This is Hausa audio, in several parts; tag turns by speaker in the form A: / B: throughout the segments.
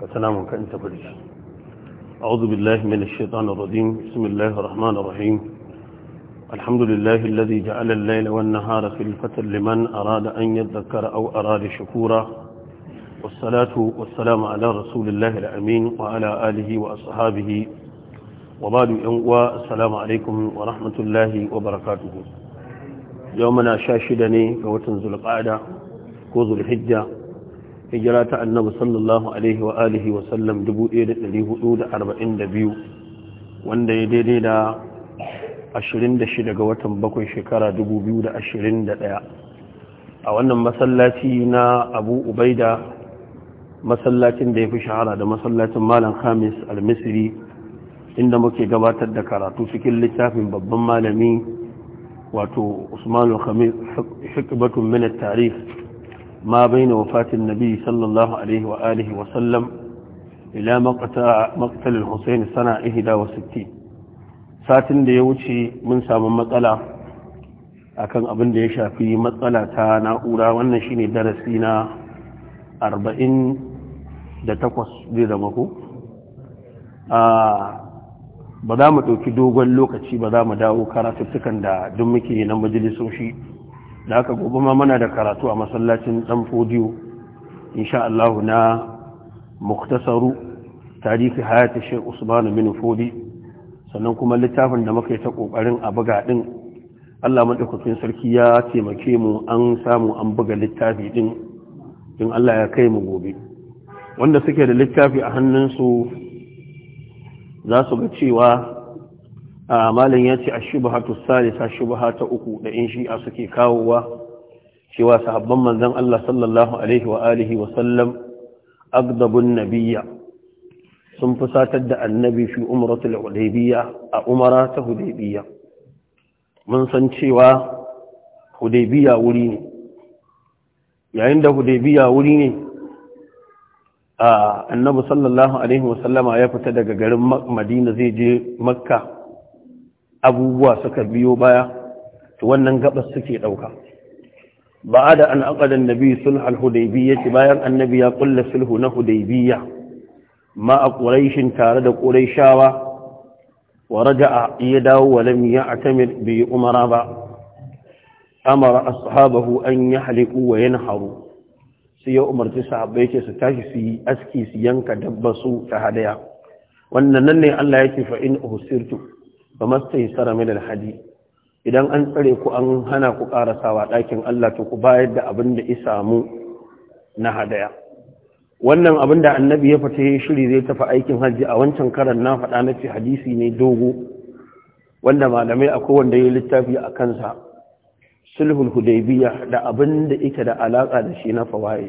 A: فسلام كأنت بريش أعوذ بالله من الشيطان الرجيم بسم الله الرحمن الرحيم الحمد لله الذي جعل الليل والنهار خلفة لمن أراد أن يذكر أو أراد شكورا والصلاة والسلام على رسول الله الأمين وعلى آله وأصحابه وبعد السلام عليكم ورحمة الله وبركاته يومنا شاشدني فوتنزل القعدة كوز الحجة hijira ta annabi sallallahu alaihi wa alihi wa sallam 1442 wanda ya daidai da 26 ga watan bakwai shekara 2021 a wannan masallaci na abu ubaida masallacin da ya fi shahara da masallacin malam khamis al-misri inda muke gabatar da karatu cikin littafin babban malami wato usmanu khamis hikbatun min at-tarikh ما بين وفاة النبي صلى الله عليه وآله وسلم إلى مقتل الحسين سنة 61 ساتن da ya wuce mun samu matsala akan abin da ya shafi matsala ta na'ura wannan shine darasi na 48 zai zama ko ba za mu ɗauki dogon lokaci ba za mu dawo karatuttukan da duk muke na majalisoshi da aka gobe ma mana da karatu a masallacin dan fodiyo insha Allah na muktasaru tarihi hayati Sheikh Usman bin Fodi sannan kuma littafin da muka yi ta kokarin a buga din Allah madaukakin sarki ya taimake mu an samu an buga littafi din in Allah ya kai mu gobe wanda suke da littafi a hannunsu za su ga cewa malin ya ce a shubhatu salisa shubha ta uku da in shi'a suke kawowa cewa sahabban manzan Allah sallallahu alaihi wa alihi wa sallam agdabun nabiyya sun fusatar da annabi fi umratul hudaybiyya a umara ta hudaybiyya mun san cewa hudaybiyya wuri ne yayin da hudaybiyya wuri ne annabi sallallahu alaihi wa sallama ya fita daga garin madina zai je makka abubuwa suka biyo baya to wannan gabas suke ɗauka ba da an aƙadan nabi sulh al-hudaybiyya bayan annabi ya kulla sulhu na hudaybiyya ma a quraishin tare da quraishawa wa raja'a ya dawo wa lam ya'tamir bi umara ba amara ashabahu an yahliqu wa yanharu sai ya umarci sahabbai ce su tashi su yi aski su yanka dabba su ta hadaya wannan nan ne Allah yake fa in uhsirtu ba tsara mai hadi idan an tsare ku an hana ku karasawa ɗakin Allah to ku bayar da abin da isa mu na hadaya wannan abin da annabi ya fata ya shiri zai tafi aikin hajji a wancan karan na faɗa na ce hadisi ne dogo wanda malamai akwai wanda ya littafi a kansa sulhul hudaybiya da abin da ita da alaka da shi na fawaye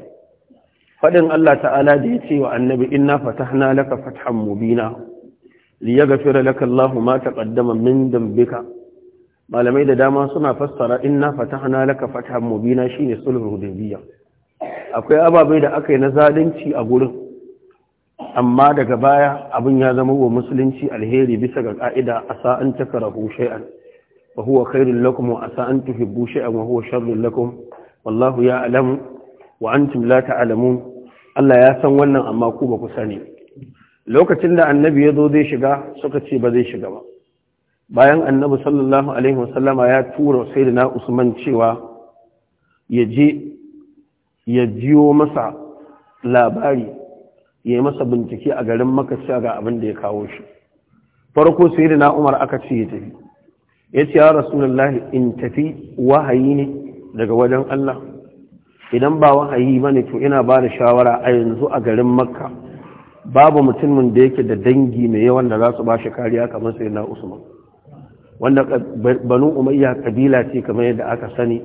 A: faɗin Allah ta'ala da ya ce wa annabi inna fatahna laka fathan mubina liyaghfira laka Allahu ma taqaddama min dambika malamai da dama suna fassara inna fatahna laka mu mubina shine sulhul hudaybiyya akwai ababai da aka yi na zalunci a gurin amma daga baya abin ya zama wa musulunci alheri bisa ga ka'ida asa an takrahu shay'an wa huwa khairul lakum wa asa an tuhibbu shay'an wa huwa sharrul lakum wallahu ya'lamu wa antum la ta'lamun Allah ya san wannan amma ku ba ku sani lokacin da annabi ya zo zai shiga suka ce ba zai shiga ba bayan annabi sallallahu alaihi wasallama ya tura sai da na usman cewa ya je ya jiyo masa labari ya yi masa bincike a garin makasci ga abin da ya kawo shi farko sai na umar aka ce ya tafi ya ce ya rasulullahi in tafi wahayi ne daga wajen Allah idan ba wahayi ba ne to ina ba da shawara a yanzu a garin makka babu mutumin da yake da dangi mai yawan da za su ba shi kariya kamar sai na usman wanda banu umayya kabila ce kamar yadda aka sani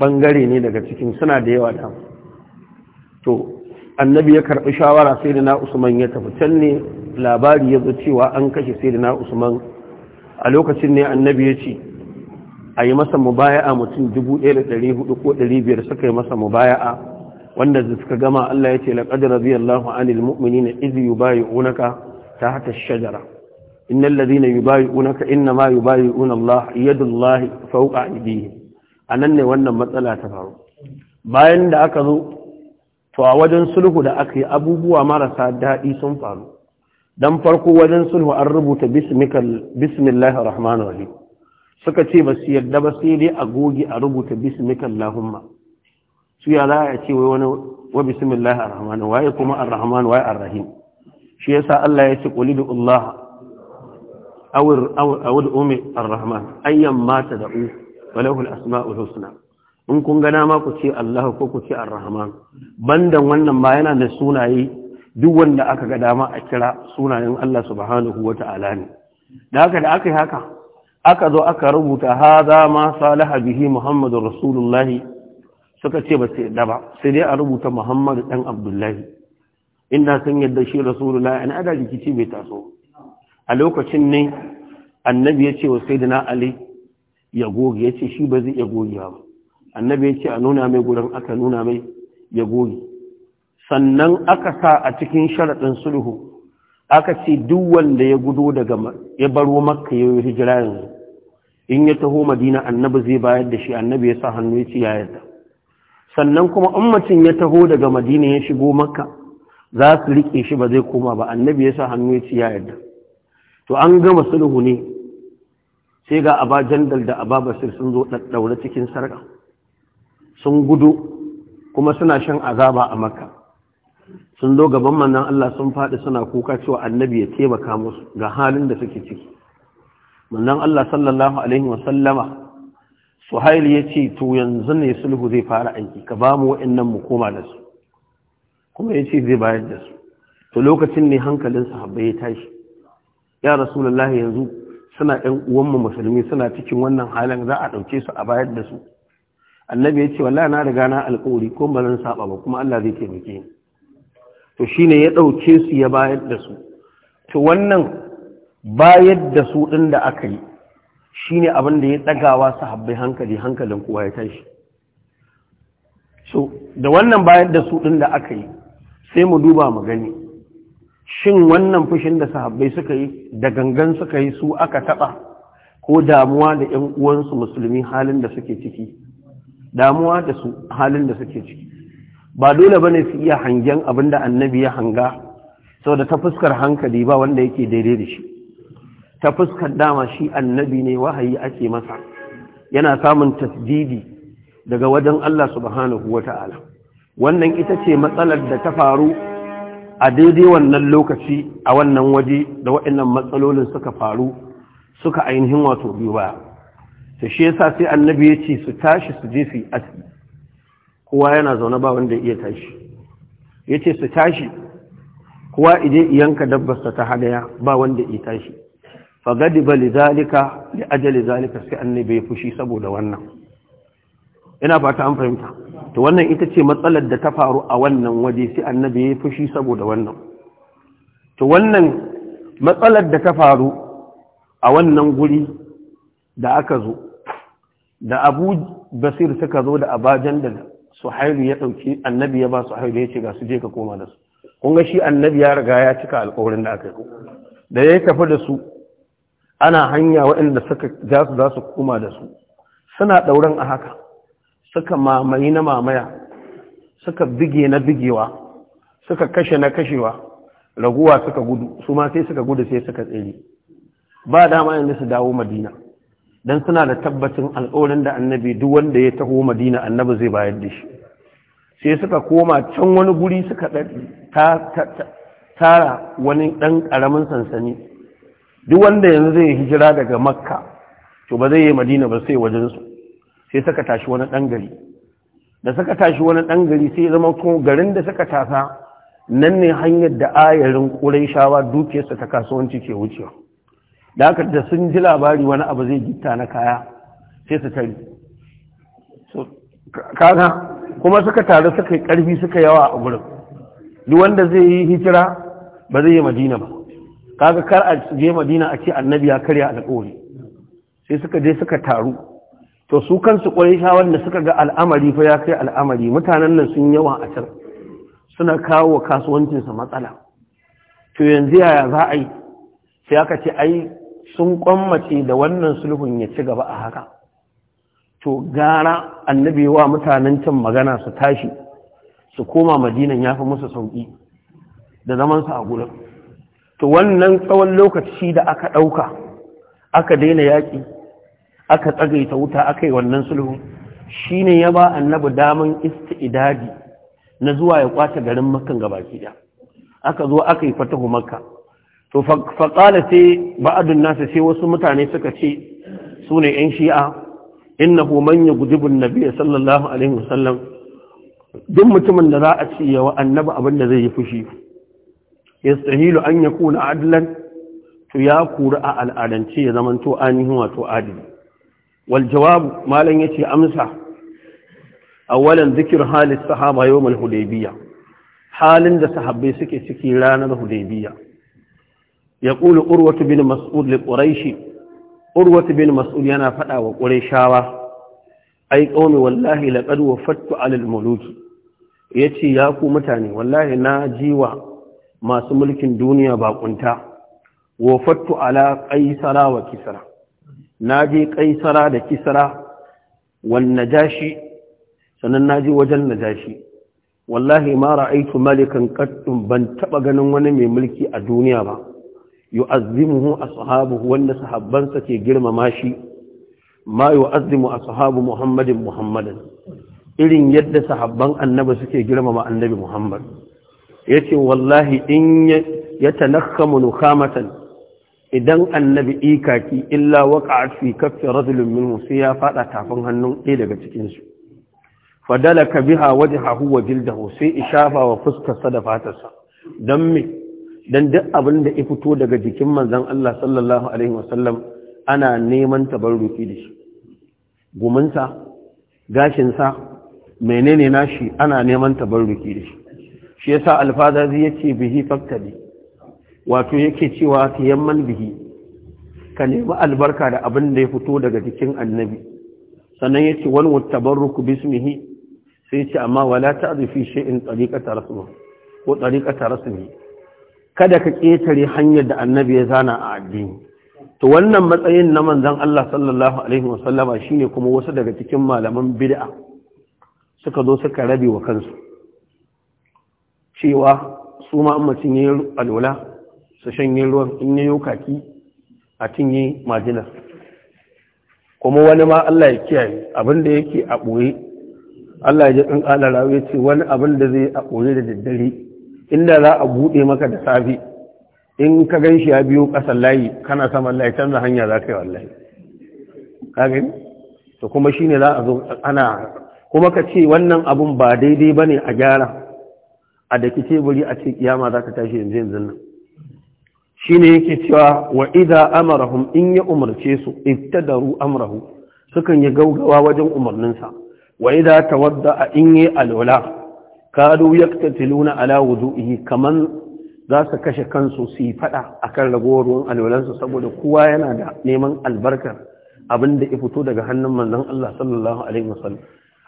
A: bangare ne daga cikin suna da yawa ta to annabi ya karbi shawara sai da na usman ya tafi can ne labari ya zo cewa an kashe sai da na usman a lokacin ne annabi ya ce a yi masa mubaya'a mutum 1400 ko 1500 suka yi masa mubaya'a wanda suka gama Allah ya ce laqad radiyallahu anil mu'minina idh yubayyi'unaka tahta ash-shajara innal ladhina yubayyi'unaka inma yubayyi'una Allah yadullahi fawqa aydihim anan ne wannan matsala ta faru bayan da aka zo to a wajen sulhu da aka yi abubuwa marasa daɗi sun faru dan farko wajen sulhu an rubuta bismillahir rahmanir rahim suka ce ba su yadda ba sai dai a goge a rubuta bismikallahumma su ya za a ce wai wani wa bismillah ar-rahman waye kuma ar-rahman waye ar-rahim shi yasa Allah ya ce qulidu Allah aw umi ar-rahman ayyan ma tad'u walahu al-asma'ul husna in kun gana ma ku ce Allah ko ku ce ar-rahman bandan wannan ma yana da sunaye duk wanda aka ga dama a kira sunayen Allah subhanahu wata'ala ne da haka da aka yi haka aka zo aka rubuta haza ma salaha bihi muhammadur rasulullahi suka ce ba sai da ba sai dai a rubuta Muhammad dan abdullahi inda sun yadda shi rasulullahi an ada rikici bai taso a lokacin ne annabi ya ce wa sayyidina ali ya goge ya ce shi ba zai iya goge ba annabi ya ce a nuna mai gurin aka nuna mai ya goge sannan aka sa a cikin sharaɗin sulhu aka ce duk wanda ya gudo daga ya baro makka ya hijira yanzu in ya taho madina annabi zai bayar da shi annabi ya sa hannu ya ce ya yarda sannan kuma ummacin ya taho daga madina ya shigo makka za su riƙe shi ba zai koma ba annabi ya sa hannu ya ci ya yarda to an gama sulhu ne sai ga aba jandal da aba basir sun zo ɗaɗɗaure cikin sarƙa sun gudu kuma suna shan azaba a makka sun zo gaban manzon Allah sun faɗi suna kuka cewa annabi ya taimaka musu ga halin da suke ciki manzon Allah sallallahu alaihi wasallama suhail ya ce to yanzu ne sulhu zai fara aiki ka ba mu wa'annan mu koma da su kuma ya ce zai bayar da su to lokacin ne hankalin sahabbai ya tashi ya rasulullah yanzu suna ɗan uwanmu musulmi suna cikin wannan halin za a ɗauke su a bayar da su annabi ya ce wallahi na riga na alƙawari ko ba zan saba ba kuma Allah zai taimake ni to shine ya ɗauke su ya bayar da su to wannan bayar da su ɗin da aka yi shine abin da ya ɗagawa sahabbai hankali hankalin kowa ya tashi so da wannan bayan da su ɗin da aka yi sai mu duba mu gani shin wannan fushin da sahabbai suka yi da gangan suka yi su aka taɓa ko damuwa da ‘yan uwansu musulmi halin da suke ciki damuwa da su halin da suke ciki ba dole ba ne su iya hangen abin da annabi ya hanga sau da ta fuskar hankali ba wanda yake daidai da shi ta fuskar dama shi annabi ne wahayi ake masa yana samun tasdidi daga wajen Allah subhanahu wata'ala wannan ita ce matsalar da ta faru a daidai wannan lokaci a wannan waje da waɗannan matsalolin suka faru suka ainihin wato biyu baya ta shi yasa sai annabi ya ce su tashi su je su yi kowa yana zaune ba wanda iya tashi ya ce su tashi kowa ije iyanka dabbasta ta hadaya ba wanda iya tashi fagadiba lizalika li ajali zalika sai annabi ya fushi saboda wannan ina fata an fahimta to wannan ita ce matsalar da ta faru a wannan waje sai annabi ya fushi saboda wannan to wannan matsalar da ta faru a wannan guri da aka zo da Abu Basir suka zo da abajan da Suhairu ya ɗauki annabi ya ba Suhairu ya ce ga su je ka koma da su kun ga shi annabi ya riga ya cika alƙawarin da aka yi da ya tafi da su ana hanya waɗanda suka za su za su koma da su suna ɗauran a haka suka mamaye na mamaya suka bige na bigewa suka kashe na kashewa raguwa suka gudu su ma sai suka gudu sai suka tsere ba dama yanzu su dawo madina don suna da tabbacin alƙawarin da annabi duk wanda ya taho madina annabi zai bayar da shi sai suka koma can wani guri suka tara wani ɗan ƙaramin sansani duk wanda yanzu zai hijira daga makka to ba zai yi madina ba sai wajensu sai suka tashi wani ɗan gari da suka tashi wani ɗan gari sai zama ko garin da suka tasa nan ne hanyar da ayarin ƙurai shawa dukiyarsa ta kasuwanci ke wucewa da haka da sun ji labari wani abu zai gitta na kaya sai su tari kaga kuma suka taru suka yi ƙarfi suka yawa a gurin duk wanda zai yi hijira ba zai yi madina ba kaga kar a je madina a ce annabi ya karya alƙawari sai suka je suka taru to su kansu ƙwarisha wanda suka ga al'amari fa ya kai al'amari mutanen nan sun yawa a can suna kawo wa kasuwancinsa matsala to yanzu yaya za a yi sai aka ce ai sun kwammace da wannan sulhun ya ci gaba a haka to gara annabi wa mutanen can magana su tashi su koma madinan ya fi musu sauƙi da zamansa a gurin to wannan tsawon lokaci da aka ɗauka aka daina yaƙi aka tsagaita wuta aka yi wannan sulhu shi ne ya ba annabi daman isti'idadi na zuwa ya kwace garin makan gabaki da. aka zo aka yi fatahu makka to faƙala sai ba'adun nasa sai wasu mutane suka ce su ne 'yan shi'a Inna manya gudubin na biya sallallahu alaihi wasallam duk mutumin da za a ce yawa annabi abin da zai yi fushi yastahilu an yakuna adilan, to ya kuri a al'adance ya to ainihin wato adili wal malam ya yace amsa awalan zikir halis sahaba mai hudaybiya halin da sahabbai suke ciki ranar hudaybiya yaqulu urwatu bin mas'ud li quraishi urwatu bin mas'ud yana faɗawa wa qurayshawa ai qaumi wallahi laqad wafattu alal muluki yace ya ku mutane wallahi na jiwa masu mulkin duniya bakunta wafattu ala ƙaisara wa kisra naje ƙaisara da kisra wan jashi. sannan je wajen najashi wallahi ma ra'aitu malikan qattun ban taba ganin wani mai mulki a duniya ba a sahabu wanda sahabbansa ke girmama shi ma a sahabu muhammadin Muhammadin. irin yadda sahabban annabi suke girmama annabi muhammad Ya ce wallahi in ya tanakkamu nukhamatan idan annabi ikaki illa waqa'at fi kaffi rajulin minhu sai ya fada tafin hannun ɗaya daga cikinsu. Fadala fadalaka biha wajhahu wa jildahu sai ishafa wa fuskarsa da fatarsa dan me dan duk abin da ya fito daga jikin manzon Allah sallallahu alaihi wasallam ana neman tabarruki da shi gumunsa gashinsa menene nashi ana neman tabarruki da shi shi yasa alfazazi yace bihi faktali wato yake cewa tiyamman bihi ka nemi albarka da abin da ya fito daga jikin annabi sannan yace wal wattabarruku bismihi sai ce amma wala ta'rifi shay'in tariqata rasmi ko tariqata rasmi kada ka ƙetare hanyar da annabi ya zana a addini to wannan matsayin na manzon Allah sallallahu alaihi wasallama shine kuma wasu daga cikin malaman bid'a suka zo suka rabe wa kansu cewa su ma yin ya yi alwala su shanye ruwan in ya yi kaki a cinye majinar kuma wani ma Allah ya kiyaye abinda yake a ɓoye Allah ya ji ɗan ƙalara ya ce wani abin da zai a ɓoye da daddare inda za a buɗe maka da safe in ka gan shi ya biyo ƙasar layi kana saman layi canza hanya za ka yi wallahi ka to kuma shine za a zo ana kuma ka ce wannan abun ba daidai ba ne a gyara a da daki teburi a ce kiyama za ka tashi yanzu yanzu nan shine yake cewa wa idza amarahum in ya umarce su ittadaru amrahu sukan yi gaugawa wajen umarninsa wa idza tawadda in yi alwala kadu yaktatiluna ala wudu'ihi kaman za su kashe kansu su yi fada akan ragowar ruwan alwalansu saboda kowa yana da neman albarkar abin da ya fito daga hannun manzon Allah sallallahu alaihi wasallam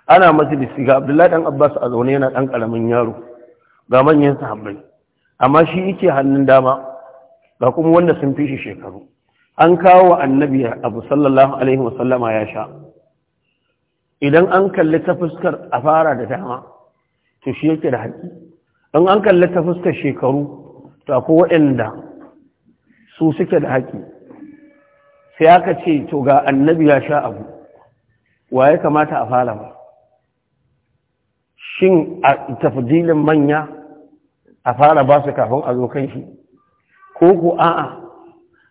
A: ana majalisi ga Abdullahi dan Abbas a zaune yana dan karamin yaro ga manyan sahabbai amma shi yake hannun dama ga kuma wanda sun fi shi shekaru an kawo wa annabi abu sallallahu alaihi wasallama ya sha idan an kalli ta fuskar a fara da dama to shi yake da haƙi in an kalli ta fuskar shekaru to ko waɗanda su suke da haƙi sai aka ce to ga annabi ya sha abu wa ya kamata a fara ba shin a tafjilin manya a fara ba su kafin a zo kan shi ko ku, a'a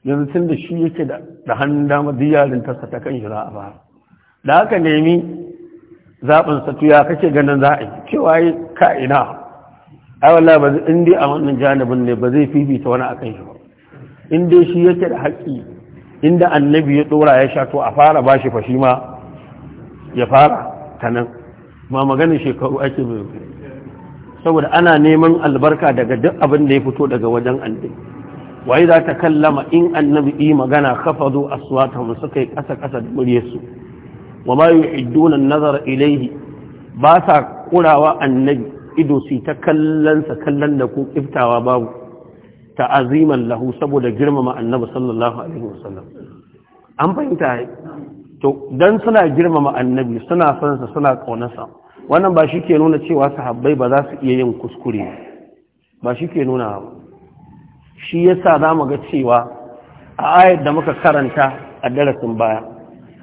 A: yanzu tun da shi yake da hannun dama diyarin tasa ta kan shi za a fara da aka nemi zaɓin satu ya kake ganin za a cewa yi ka'ina A wala ba zai dai a wannan janibin ne ba zai fifita wani akan shi ba in dai shi yake da haƙƙi inda annabi ya ɗora ya sha to a fara ba shi fashi ma ya fara ta nan ba maganin shekaru ake mai saboda ana neman albarka daga duk abin da ya fito daga wajen annabi wai za ta kallama in annabi yi magana khafadu aswatahum suka yi kasa kasa da su? wa ma yu'idduna an-nazara Ilaihi, ba sa kurawa annabi ido su ta kallansa kallon da ku iftawa babu ta'aziman lahu saboda girmama annabi sallallahu alaihi wasallam an fahimta to dan suna girmama annabi suna son sa suna kaunarsa wannan ba shi ke nuna cewa sahabbai ba za su iya yin kuskure ba shi ke nuna ba shi yasa za mu ga cewa a ayat da muka karanta a darasin baya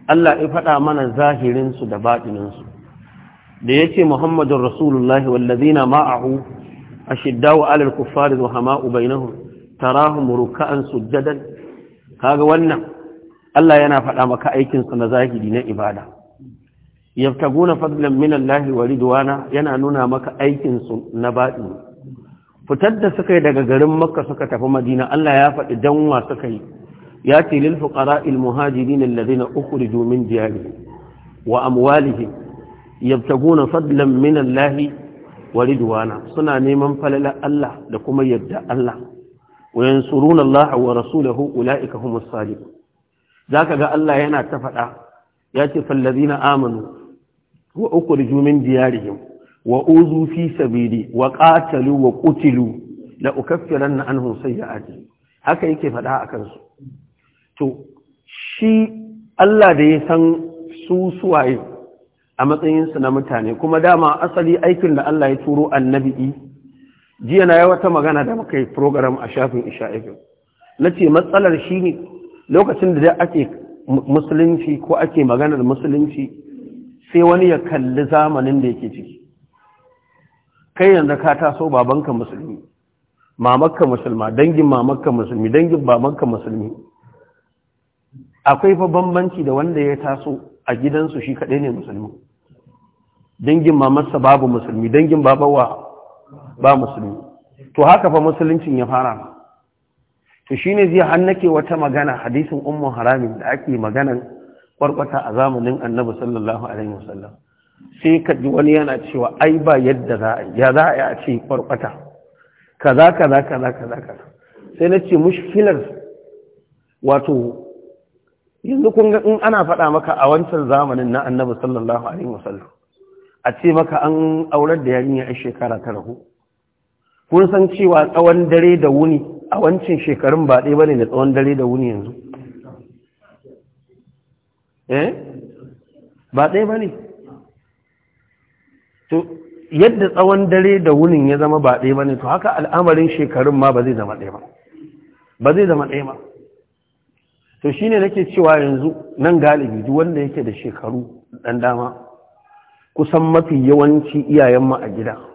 A: Allah ya faɗa mana zahirinsu da baɗininsu da ya ce Muhammadun Rasulullahi wallazina ma'ahu a shidda wa alal kuffari zuwa hama'u bainahu tarahum ruka'an sujjadan kaga wannan Allah yana faɗa maka aikinsa na zahiri na ibada yaftaguna fadlan min Allah wa ridwana yana nuna maka su na baɗi fitar da suka yi daga garin makka suka tafi madina Allah ya faɗi danwa suka yi ya ce lil fuqara al muhajirin alladhina ukhriju min diyarihim wa amwalihim yabtaguna fadlan min Allah wa ridwana suna neman falala Allah da kuma yadda Allah wa yansuruna Allah wa rasulahu ulaika humus sadiqun za ka ga Allah yana ta faɗa ya ce fallazi na amanu wa uku da jumin diyarihim wa uzu fi sabili wa ƙatalu wa ƙutilu la ukaffiran na ya sayyi'ati haka yake faɗa a kansu to shi Allah da ya san su suwaye a matsayinsu na mutane kuma dama asali aikin da Allah ya turo annabi jiya na yi wata magana da muka yi program a shafin isha'ifin na ce matsalar shi ne lokacin da dai ake musulunci ko ake maganar musulunci sai wani ya kalli zamanin da yake ciki kai yanzu ka taso babanka musulmi mamakka musulma dangin mamakka musulmi dangin babanka musulmi akwai fa bambanci da wanda ya taso a gidansu shi kaɗai ne musulmi dangin mamarsa babu musulmi dangin babawa ba musulmi to haka fa musuluncin ya fara to shi jiya zai nake wata magana hadisin ummu haramin da ake maganan kwarkwata a zamanin annabi sallallahu alaihi wasallam sai ka ji wani yana cewa ai ba yadda za a ya za a ce kwarkwata kaza kaza kaza kaza kaza sai na ce mushkilar wato yanzu kun ga in ana faɗa maka a wancan zamanin na annabi sallallahu alaihi wasallam a ce maka an aurar da yarinya a shekara ta rahu kun san cewa tsawon dare da wuni a wancin shekarun ba ɗaya bane da tsawon dare da wuni yanzu eh ba ɗaya bane to yadda tsawon dare da wunin ya zama ba ɗaya bane to haka al'amarin shekarun ma ba zai zama ɗaya ba ba zai zama ɗaya ba to shi ne nake cewa yanzu nan galibi duk wanda yake da shekaru ɗan dama kusan mafi yawanci iyayen ma a gida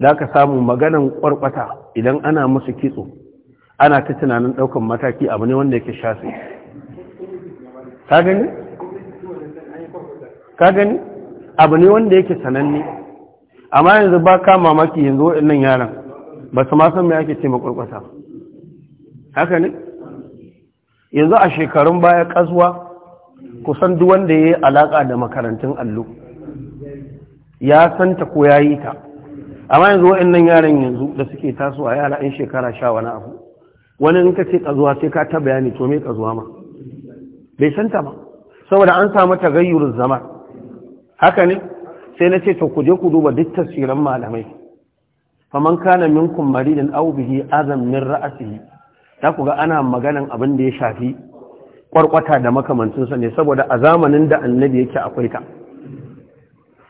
A: za ka samu maganan kwarkwata idan ana musu kitso ana ta tunanin ɗaukan mataki abu ne wanda yake shafi ka gani? ka gani? abu ne wanda yake sananne amma yanzu ba ka mamaki yanzu waɗannan yaran ba su ma san me ake ce makwarkwata haka ne? yanzu a shekarun baya kasuwa kusan duk wanda ya yi alaƙa da makarantun allo ya santa ko ya yi ta amma yanzu wa'annan yaran yanzu da suke tasowa yara in shekara sha wani abu wani in ka ce kazuwa sai ka ta bayani to me kazuwa ma bai santa ba saboda an samu tagayyurin zama haka ne sai na ce ta ku je ku duba duk tasirin malamai faman kana minkum maridin aw bihi azam min ra'sihi ta ku ga ana maganan abin da ya shafi kwarkwata da makamancinsa ne saboda a zamanin da annabi yake akwai ta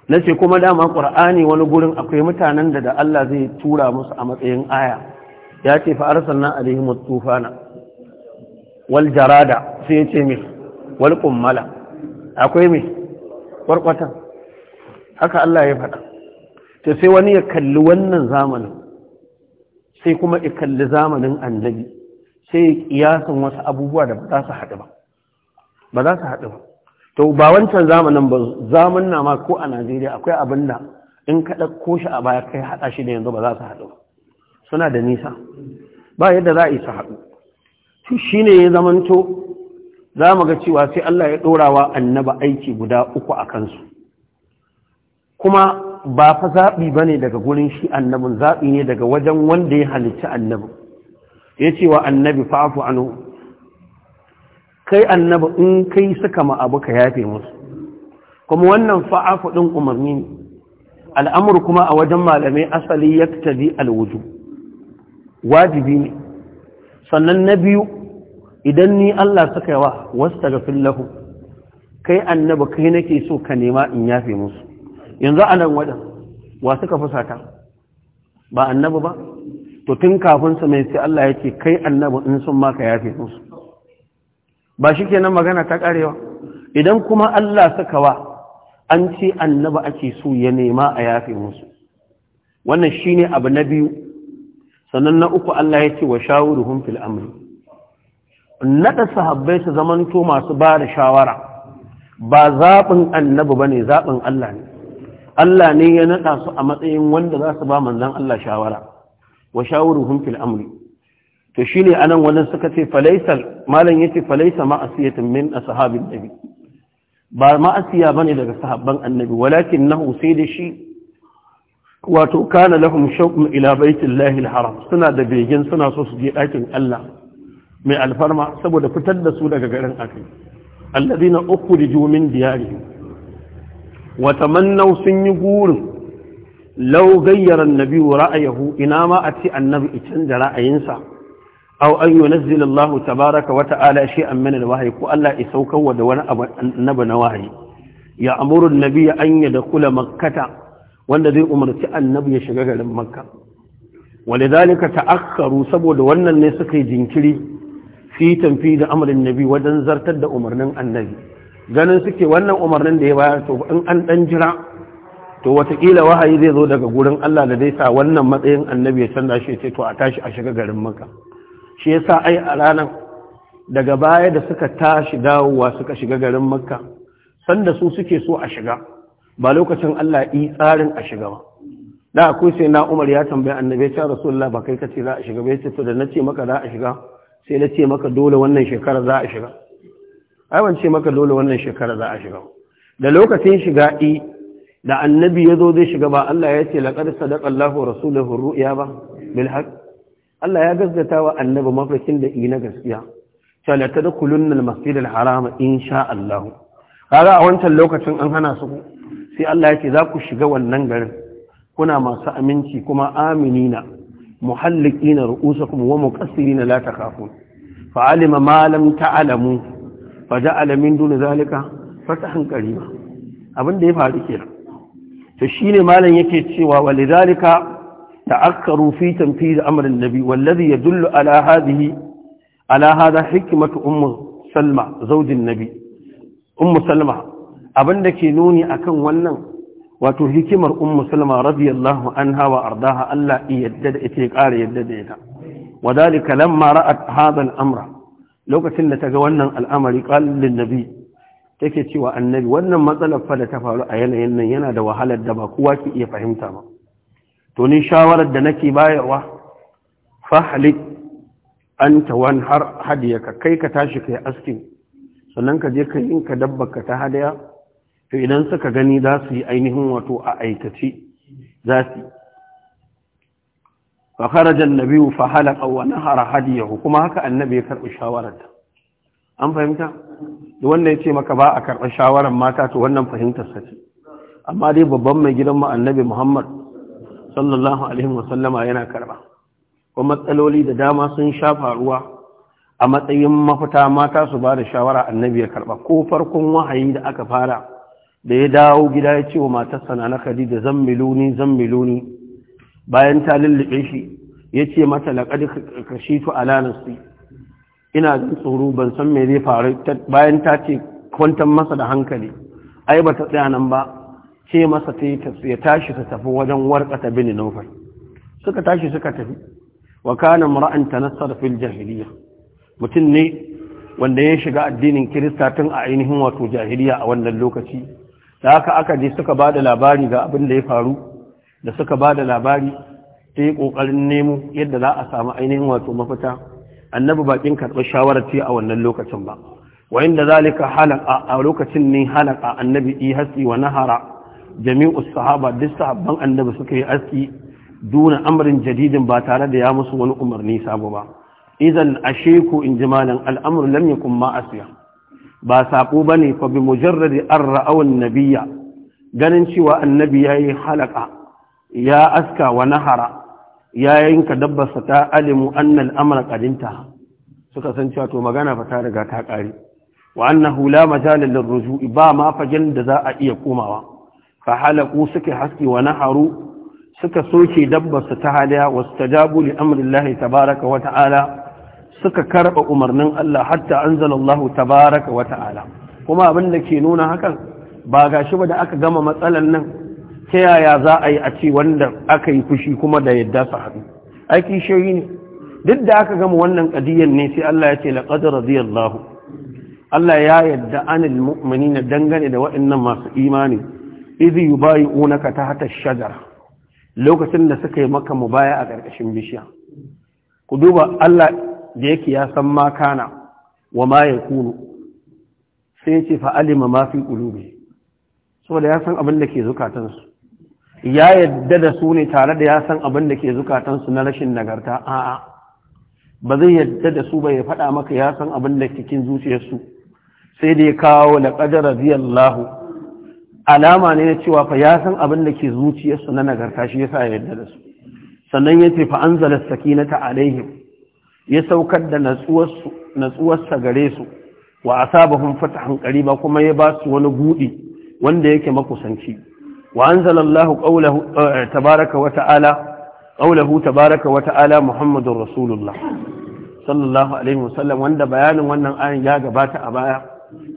A: na ce kuma dama ƙur'ani wani gurin akwai mutanen da da Allah zai tura musu a matsayin aya ya ce fa arsalna alaihim tufana wal jarada sai ya ce mi wal qummala akwai mi kwarkwata haka Allah ya faɗa to sai wani ya kalli wannan zamanin sai kuma ya kalli zamanin annabi sai ya kiyasan wasu abubuwa da ba za su haɗu ba ba za su haɗu ba to ba wancan zamanin ba zamanin na ma ko a najeriya akwai abin da in kaɗa ko shi a baya kai haɗa shi da yanzu ba za su haɗu suna da nisa ba yadda za a yi su haɗu shi ne ya zamanto za mu ga cewa sai Allah ya ɗorawa annaba aiki guda uku a kansu kuma ba fa zaɓi ba ne daga gurin shi annabin zaɓi ne daga wajen wanda ya halicci annabin ya ce wa annabi fa'afu anu kai annabi in kai suka ma abu ka yafe musu kuma wannan fa'afu din umarni ne al'amur kuma a wajen malamai asali ya tabi alwudu wajibi ne sannan na biyu idan ni Allah suka yawa wasu daga fillahu kai annaba kai nake so ka nema in yafe musu yanzu a nan wa suka fusata ba annaba ba to tun kafin su mai sai Allah yake kai annaba in sun ka yafe musu ba shi kenan magana ta karewa idan kuma Allah sakawa an ce annaba ake so ya nema a yafe musu wannan shine abu na biyu sannan na uku Allah ya ce wa shawuruhum fil amri nada sahabbai su zamanto masu ba da shawara ba zaɓin annabi bane zaɓin Allah ne Allah ne ya naɗa su a matsayin wanda za su ba manzan Allah shawara wa shawuruhum fil amri to shine anan wani suka ce falaisa malam yace falaisa ma'asiyatan min sahabin nabi ba ma'asiya ne daga sahabban annabi walakin nahu sai da shi wato kana lahum shauqun ila Haram suna da begen suna so su je dakin Allah mai alfarma saboda fitar da su daga garin akai uku da jumin diyari. Wata mannau sun yi gurin law gayyara annabi ra'ayahu ina ma a ce annabi i canza ra'ayinsa aw an yunzila Allah tabaaraka wa ta'ala shay'an min al-wahyi ko Allah ya saukar wa da wani abu annabi na wahayi ya amuru an-nabiyya an yadkhula makkata wanda zai umarci annabi ya shiga garin makka walidhalika ta'akkaru saboda wannan ne suka yi jinkiri fi tanfid amrin nabi wajen zartar da umarnin annabi ganin suke wannan umarnin da ya baya, to in an dan jira to watakila wahayi zai zo daga gurin Allah da zai sa wannan matsayin annabi ya canza shi ce to a tashi a shiga garin makka shi yasa ai a ranar daga baya da suka tashi dawowa suka shiga garin makka sanda su suke so a shiga ba lokacin Allah yi tsarin a shiga ba da akwai sai na Umar ya tambaye annabi ta Rasulullah ba kai kace za a shiga bai ce to da nace maka za a shiga sai nace maka dole wannan shekara za a shiga ai ban ce maka dole wannan shekara za a shiga da lokacin shiga i da annabi ya zo zai shiga ba Allah ya ce laƙar sadaƙa Allah rasuluhu ru'ya ba bil haq Allah ya gaskata wa annabi mafarkin da ina gaskiya cewa la kulun al-masjid al insha Allah kaga a wancan lokacin an hana su sai Allah ya ce za ku shiga wannan garin kuna masu aminci kuma aminina muhallikina ru'usakum wa muqassirina la takhafun fa'alima ma lam ta'lamu faja'ala min duni zalika fatahan qariba abin da ya faru kenan to shine malam yake cewa walidhalika تأخروا في تنفيذ أمر النبي والذي يدل على هذه على هذا حكمة أم سلمة زوج النبي أم سلمة أبنك نوني أكن ونن wato hikimar ummu salama radiyallahu anha wa ardaha Allah yadda da ita ƙara yadda da ita wadalika lamma ra'at hadha al-amra lokacin da ta ga wannan al'amari qalil nabi take cewa annabi wannan matsalar fa da ta faru a yanayin nan yana da wahalar da ba kowa ki iya fahimta ba to ni shawarar da nake bayarwa an ta wani har hadiyaka kai ka tashi kai askin sannan ka je ka yin ka ka ta hadaya to idan suka gani za su yi ainihin wato a aikace za su fa kharaja annabi fa halaka wa nahara hadiyahu kuma haka annabi ya karbi shawararta an fahimta da wannan yace maka ba a karɓar shawarar mata to wannan fahimtar sa ce amma dai babban mai gidan mu annabi Muhammad sallallahu alaihi wasallama yana karba Ko matsaloli da dama sun sha faruwa a matsayin mafita mata su ba da shawara annabi ya karba ko farkon wahayi da aka fara da ya dawo gida ya ce wa matarsa na na khadija zammiluni zammiluni bayan ta lullube shi ya ce mata laƙad kashitu ala nasi ina jin tsoro ban san me zai faru bayan ta ce kwantar masa da hankali ai ba ta tsaya nan ba ce masa ya tashi ta tafi wajen warkata bin nufar suka tashi suka tafi wa kana na tanassar fil jahiliya mutum ne wanda ya shiga addinin kirista tun a ainihin wato jahiliya a wannan lokaci da haka aka je suka ba da labari ga abin da ya faru da suka ba da labari ta yi ƙoƙarin nemo yadda za a samu ainihin wato mafita annabi bakin karɓar shawarar ce a wannan lokacin ba wa inda zalika halaka a lokacin ne halaka annabi i wa nahara jami'u sahaba duk sahabban annabi suka yi aski duna amrin jadidin ba tare da ya musu wani umarni sabo ba idan asheku in ji malam al'amur lam yakun ma asiya ba sabo bane fa bi mujarradi an nabiyya ganin cewa annabi yayi halaka ya aska wa nahara ya yanka dabbarsa ta alimu annal amra qadinta suka san cewa to magana fa ta riga ta kare wa annahu la majala ba ma fagen da za a iya komawa fa suka haske wa naharu suka soke dabbarsu ta haliya wasu tajabu li amrillahi tabaraka wa ta'ala suka karba umarnin Allah hatta anzalallahu tabaraka wa ta'ala kuma abin da ke nuna hakan ba gashi ba da aka gama matsalan nan ta yaya za a yi a ce wanda aka yi fushi kuma da yadda su haɗu aiki shoyi ne duk da aka gama wannan ƙadiyyar ne sai Allah ya ce laqad radiyallahu Allah ya yadda anil mu'minina dangane da waɗannan masu imani bayi unaka ta hata shajara lokacin da suka yi maka mu baya a ƙarƙashin bishiya ku duba Allah da yake ya san ma kana wa ma kunu. sai ce fa alima ma fi qulubi saboda ya san abin da ke zukatansu ya yadda da su ne tare da ya san abin da ke zukatansu na rashin nagarta a'a ba zai yadda da su bai faɗa maka ya san abin da cikin zuciyarsu sai da ya kawo laƙadar radiyallahu alama ne na cewa fa ya san abin da ke zuciyarsu na nagarta shi yasa ya yarda da su sannan ya ce fa anzala sakinata alaihim ya saukar da natsuwarsu natsuwarsa gare su wa asabahum fatahan qariba kuma ya ba su wani gudi wanda yake makusanci wa anzala Allah qawluhu eh, tabaraka wa ta'ala qawluhu tabaaraka wa ta'ala muhammadur rasulullah sallallahu alaihi wasallam wanda bayanin wannan ayin ya gabata a baya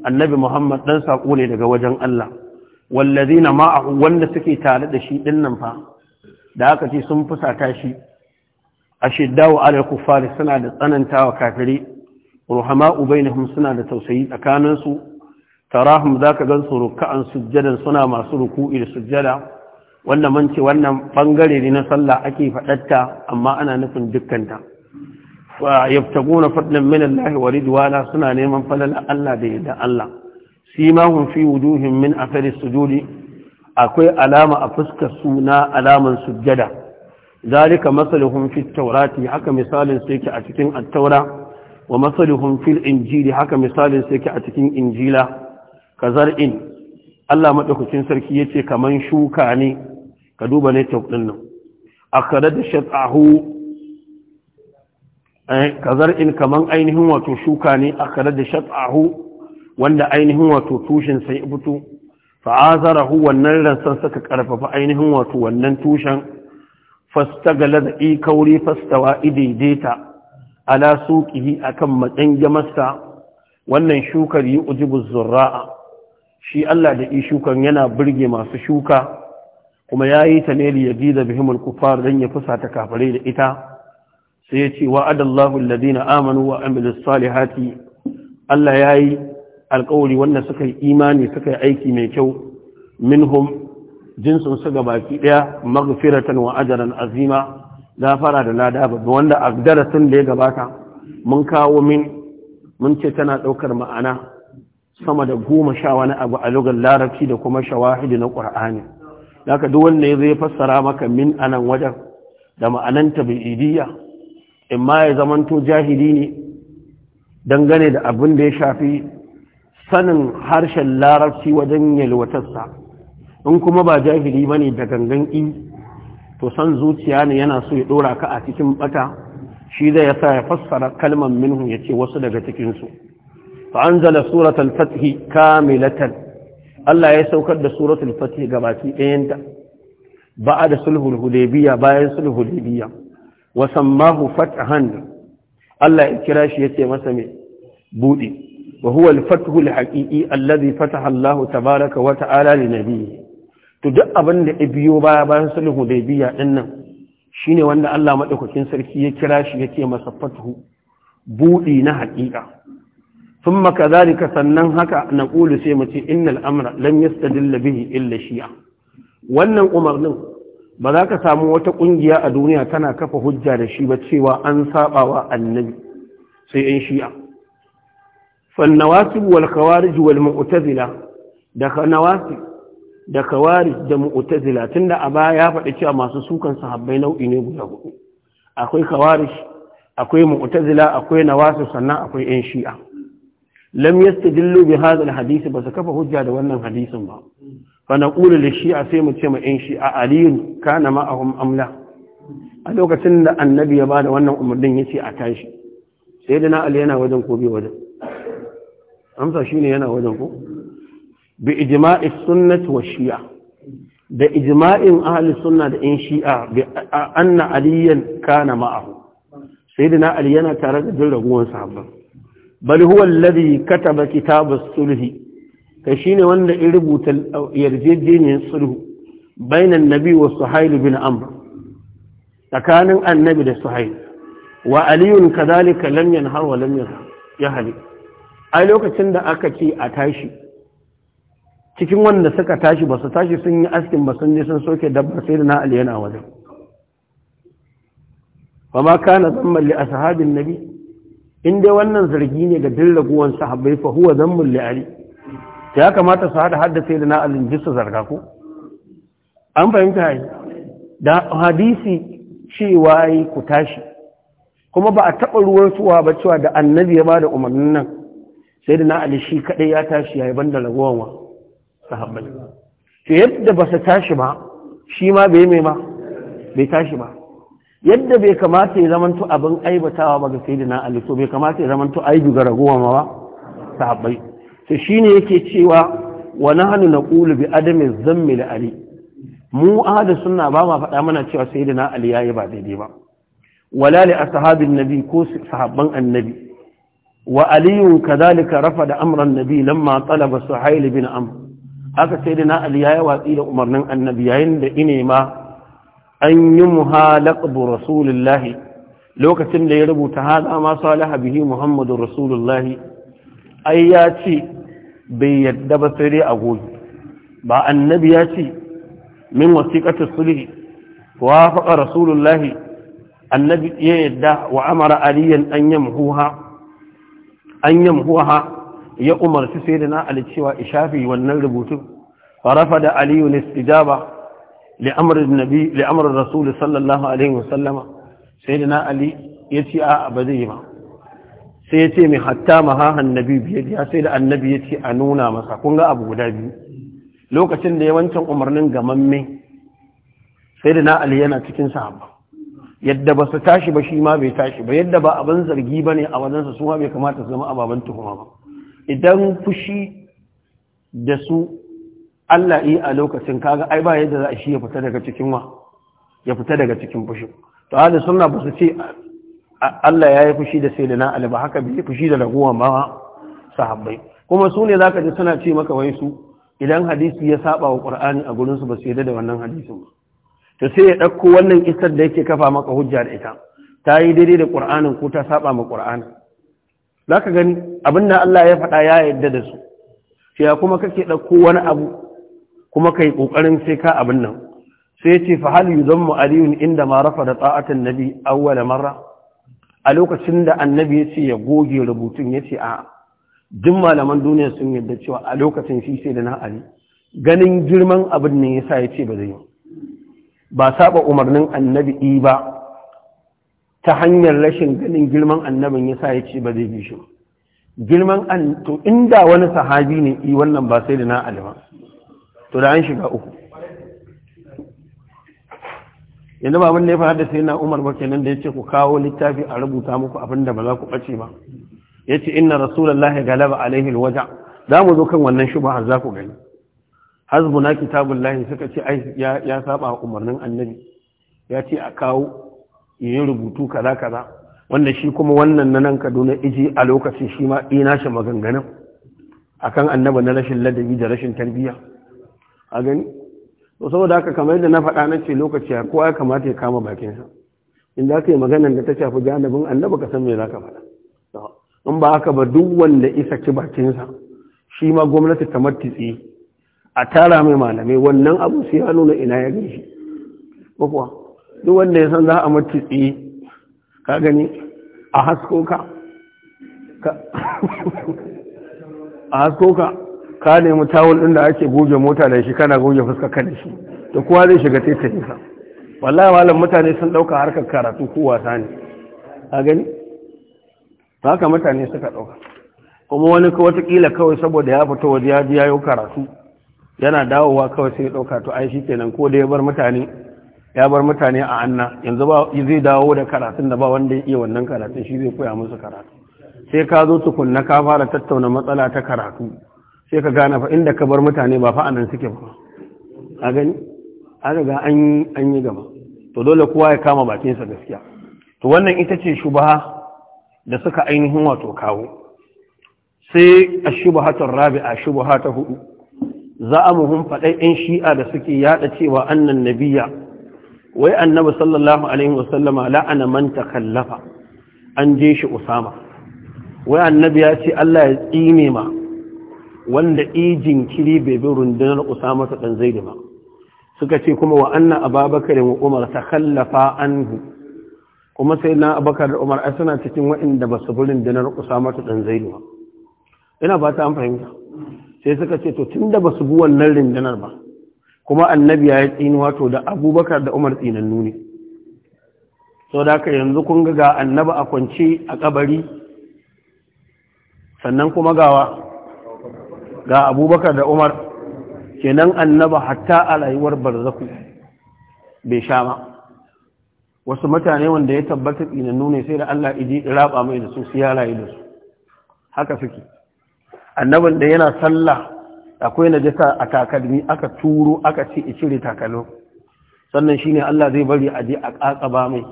A: annabi muhammad dan sako ne daga wajen Allah na ma'ahu wanda suke tare da shi dinnan fa da aka ce sun fusata shi ashiddaw ala kuffari suna da tsanantawa kafiri ruhama'u bainahum suna da tausayi tsakanin su za zaka gan su ruk'an sujjadan suna masu ruku'i da sujjada wanda mun ce wannan bangare ne na sallah ake faɗatta, amma ana nufin dukkanta wa yabtaguna fadlan min Allah wa ridwana suna neman falala Allah da yadda Allah simahum fi wujuhin min athari sujudi akwai alama a fuskar su na alaman sujjada zalika masaluhum fi taurati haka misalin su yake a cikin at-taura wa masaluhum fil injili haka misalin su yake a cikin injila kazar'in Allah madaukakin sarki yace kaman shuka ne ka duba ne tawdin nan akara da shat'ahu eh, kazar'in kaman ainihin wato shuka ne akada da shat'ahu wanda ainihin wato tushen sai fito fa'azarahu wannan ransan suka karfafa ainihin wato wannan tushen fastagala da ikauri fastawa idaidaita ala suqihi akan matsayin gamasta wannan shukar yi ujibu zurra'a shi Allah da yi shukan yana burge masu shuka kuma ya yi ta ne liyadi da bihimul kufar don ya fusata kafare da ita sai ya ce wa'adallahu alladhina amanu wa amilus salihati Allah ya yi alkawari wanda suka yi imani suka yi aiki mai kyau minhum jinsun su ga baki daya maghfiratan wa ajran azima gafara da lada ba wanda a darasin da ya gabata mun kawo min mun ce tana daukar ma'ana sama da goma sha wani abu a lugar larabci da kuma shawahidi na qur'ani haka duk wanda zai fassara maka min anan wajen da ma'ananta bi'idiyya in ma ya zamanto jahili ne dangane da abin da ya shafi sanin harshen larabci wajen yalwatarsa in kuma ba jahili ba ne da gangan in to san zuciya ne yana so ya ɗora ka a cikin bata shi da ya sa ya fassara kalmar minhu ya ce wasu daga cikinsu fa'anzala suratul fathi kamilatan Allah ya saukar da suratul fathi gabaki ɗayanta ba a da sulhul hudaybiya bayan sulhul hudaybiya wa sammahu fathan Allah ya kira shi ya ce masa me buɗe وهو الفتح الحقيقي الذي فتح الله تبارك وتعالى لنبيه to duk abin da biyo baya bayan sulhu hudaybiya din nan shine wanda Allah madaukakin sarki ya kira shi yake masa fathu budi na haƙiƙa thumma kadhalika sannan haka na qulu sai mu ce innal amra lam yastadil bihi illa shi'a wannan umarnin ba za ka samu wata kungiya a duniya tana kafa hujja da shi ba cewa an sabawa annabi sai in shi'a فالنواسب والخوارج والمؤتزلة ده نواسب da kawari da mu'tazila tunda a baya ya faɗi cewa masu sukan sahabai nau'i ne guda hudu akwai kawari akwai mu'tazila akwai nawasu sannan akwai yan shi'a lam yastadillu bi hadha alhadith ba su kafa hujja da wannan hadisin ba fa naqulu shi'a sai mu ce ma yan shi'a aliyun kana ma'ahum amla a lokacin da annabi ya bada wannan umarnin ce a tashi sai da ali yana wajen ko bai wajen amsa shine yana wajen ku bi ijma'i sunnati wa shi'a da ijma'in ahli sunna da in shi'a bi anna aliyan kana ma'ahu sayyidina ali yana tare da jin raguwan sahabba bal huwa alladhi kataba kitab as-sulh shine wanda in rubuta yarjejeniyar sulhu bainan nabi wa suhail bin amr tsakanin annabi da suhail wa aliyun kadhalika lam yanhar wa lam yahlik ai lokacin da aka ce a tashi cikin wanda suka tashi ba su tashi sun yi askin ba sun je sun soke dabbar sai da na ali wajen Ba ma ka na zan malli a ashabin nabi in dai wannan zargi ne ga duk raguwan sahabbai fa huwa zamman a ali ya kamata su hada haɗa sai da na alin jisa zarga ko an fahimta yi da hadisi cewa yi ku tashi kuma ba a taɓa ruwan suwa ba cewa da annabi ya ba da umarnin nan sai da na ali shi kaɗai ya tashi ya yi banda ragowar wa sahabbai to yadda ba su tashi ba shi ma bai mai ba bai tashi ba yadda bai kamata ya zamanto abin aibatawa ba ga sai da na ali to bai kamata ya zamanto aibi ga ragowar ma ba sahabbai to shine yake cewa wa nahnu naqulu bi adami zammi li ali mu ahli sunna ba ma faɗa mana cewa sai da na ali yayi ba daidai ba wala li ashabin nabi ko sahabban annabi wa aliyu kadhalika da amran nabi lamma talaba suhail bin amr haka sai da na ali yayi watsi da umarnin annabi yayin da ine anyi an yi muhalaq lokacin da ya rubuta hada ma salaha bihi muhammadur rasulullah ai bai yadda ba sai dai a gobe ba annabi ya ce min wasiqatus sulh wafaqa rasulullah annabi ya yarda wa amara aliyan an yamhuha an yamhuha ya umarci sayyidina na'ali cewa ishafi wannan rubutun farafa da aliyu ne istijaba li amrin sallallahu alaihi wasallama sayyidina ali yace a ba zai ba sai yace mai hatta maha annabi biyar ya sai da annabi yace a nuna masa kun ga abu guda biyu lokacin da yawancin umarnin gamamme sayyidina na'ali yana cikin sahabba yadda ba su tashi ba shi ma bai tashi ba yadda ba abin zargi ba ne a wajensa su ma bai kamata su zama ababen tuhuma ba idan fushi da su Allah yi a lokacin kaga ai ba yadda za a shi ya fita daga cikin wa ya fita daga cikin fushin to hada sunna ba su ce Allah ya yi fushi da sayyidina Ali ba haka bai fushi da raguwa ma sahabbai kuma su ne zaka ji suna ce maka wai su idan hadisi ya saba wa Qur'ani a gurin su ba su yarda da wannan hadisin ba to sai ya ɗauko wannan kisar da yake kafa maka hujja da ita ta yi daidai da ƙur'anin ko ta saba ma ƙur'anin za ka gani abin da Allah ya faɗa ya yadda da su ya kuma kake ɗauko wani abu kuma kai ƙoƙarin sai ka abin nan sai ya ce fa hal yuzammu aliyun inda ma rafa da ta'atan nabi awwala marra a lokacin da annabi ya ce ya goge rubutun ya ce a duk malaman duniya sun yarda cewa a lokacin shi sai da na ali ganin girman abin ne yasa ya ce ba zai yi ba saba umarnin annabi ba ta hanyar rashin ganin girman annabin ya sa ya ce ba zai bi shi girman an to inda wani sahabi ne i wannan ba sai da na alima to da an shiga uku yanzu ba abin da ya fara da sai na umar ba kenan da ya ce ku kawo littafi a rubuta muku abin da ba za ku ɓace ba ya ce inna rasulallah ya galaba alaihi waja za mu zo kan wannan shubahar za ku gani kitabun Lahi suka ce ya saba umarnin annabi ya ce a kawo yin rubutu kaza kaza wanda shi kuma wannan na nan Kaduna iji a lokacin shi ma ina shi maganganun akan annaba na rashin ladabi da rashin tarbiyya a gani to saboda haka kamar yadda na faɗa na ce lokaci ya kowa ya kamata ya kama bakinsa in za ka yi maganar da ta shafi janabin annaba ka san me za ka faɗa in ba haka ba duk wanda isa ci bakinsa shi ma gwamnati ta martitsi a tara mai malami, wannan abu sai ya nuna ina ya gaishe kuwa duk wanda ya san za a mace tsaye ka gani a hasko ka a hasko ka ka nemi tawul din da ake goge mota da shi kana goge fuska kan da shi da kowa zai shiga taitaye sa wallahi malam mutane sun ɗauka harkar karatu ko wasa ne a gani haka mutane suka ɗauka kuma wani watakila kawai saboda ya fito waje ya ji ya yi karatu yana dawowa kawai sai ya ɗauka to ai shi kenan ko da ya bar mutane ya bar mutane a anna yanzu ba zai dawo da karatun da ba wanda ya iya wannan karatun shi zai koya musu karatu sai ka zo na ka fara tattauna matsala ta karatu sai ka gane fa inda ka bar mutane ba fa anan suke ba a gani a daga an yi gaba to dole kowa ya kama bakin sa gaskiya to wannan ita ce shubaha da suka ainihin wato kawo sai a shubahatun rabi'a shubaha ta hudu Za za'amuhum faɗai 'yan shi'a da suke yaɗa cewa annan nabiya wai annaba sallallahu alaihi wasallama la'ana man kallafa. an je shi usama wai annabi ya ce Allah ya tsine ma wanda ijin kiri bai bi rundunar usama ta dan zaidi ba suka ce kuma wa anna ababakar wa umar ta kallafa anhu kuma sai na abakar da umar ai suna cikin waɗanda ba su bi rundunar usama ta dan zaidi ba ina ba ta an fahimta sai suka ce to tun da ba su bi wannan rindinar ba kuma annabi ya yi tsinuwa to da abubakar da umar tsinannu ne sau da aka yanzu kun ga annaba a kwance a kabari sannan kuma gawa ga abubakar da umar kenan annaba hatta a rayuwar barzaku bai sha ma wasu mutane wanda ya tabbata tsinannu ne sai da allah iji raba mai da su su ya rayu da su haka suke annabin da yana sallah akwai najasa a takalmi aka turo aka ce a cire takalo sannan shine Allah zai bari a je a kakaba mai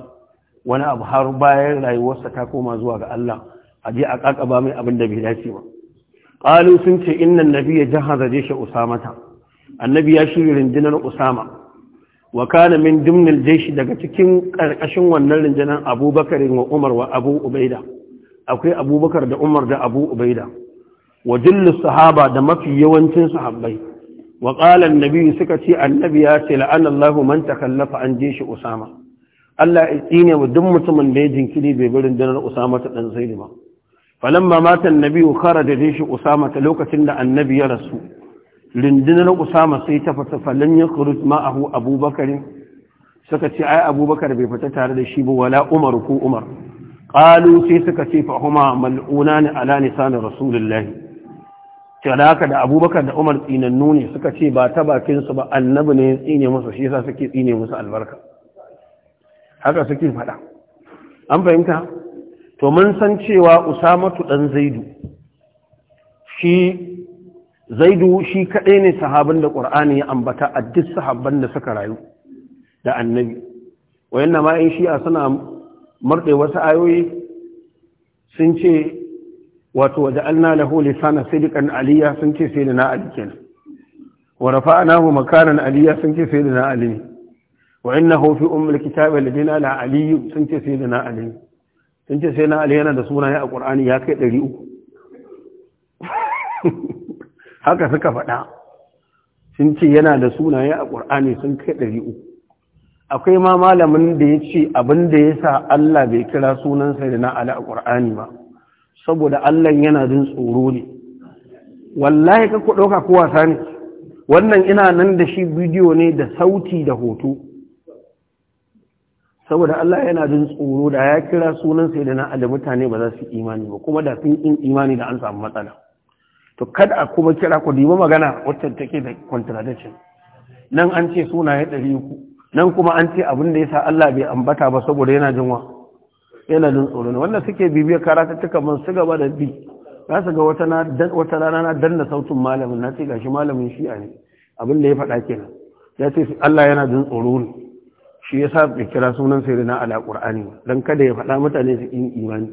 A: wani abu har bayan rayuwarsa ta koma zuwa ga Allah a je a kakaba mai abin da bai dace ba qalu sun ce innan nabiyya jahaza Usama usamata annabi ya shirya rinjinar usama wa kana min dimnil jeshi daga cikin karkashin wannan rinjinar abubakar wa umar wa abu ubaida akwai abubakar da umar da abu ubaida wa sahaba da mafi yawancin sahabbai wa Nabiyu suka ce annabi ya ce la'anallahu manta man takallafa an jishi Usama Allah ya tsine wa duk mutumin da ya jinkiri bai barin dinar Usama ta dan Zaid ba falamma mata annabi kharaja jishi Usama ta lokacin da annabi ya rasu rindinar Usama sai ta fata falan ya khuruj ma'ahu Abubakar suka ce ai Abubakar bai fita tare da shi ba wala Umar ko Umar qalu sai suka ce fa huma mal'una ala lisan rasulillahi da haka da abubakar da umar tsinannu ne suka ce ba ta bakinsu ba annabi ne tsine musu shi yasa suke tsine musu albarka haka suke faɗa an fahimta to mun san cewa usamatu ɗan zaidu shi zaidu shi kaɗai ne sahabin da ƙur'ani ya ambata a duk sahabban da suka rayu da annabi ma in shi shi'a suna marɗe wasu ayoyi sun ce wato waje alna lahu lisana sidikan aliyya sun ce sai da na ali kenan wa rafa'nahu makanan aliyya sun ce sai da na ali wa innahu fi ummul kitabi ladina la ali sun ce sai da na ali sun ce sai na ali yana da sunaye a qur'ani ya kai 300 haka suka faɗa sun ce yana da sunaye a qur'ani sun kai 300 akwai ma malamin da ya ce abin da ya sa Allah bai kira sunansa da na ali a qur'ani ba saboda Allah yana jin tsoro ne wallahi ka ku ɗauka ko wasa ne wannan ina nan da shi bidiyo ne da sauti da hoto saboda Allah yana jin tsoro da ya kira sunan sai da na ali mutane ba za su imani ba kuma da sun yi imani da an samu matsala to kada a kuma kira ku dima magana wacce take da contradiction nan an ce sunaye ɗari uku nan kuma an ce abin da ya sa Allah bai ambata ba saboda yana jin wa yana jin tsoro ne wanda suke bibiyar karatattuka man su gaba da bi za su ga wata rana na danna sautin malamin na ce ga shi malamin shi'a ne abin da ya faɗa kenan ya ce Allah yana jin tsoro ne shi sa bai kira sunan sai na ala qur'ani dan kada ya faɗa mutane su yi imani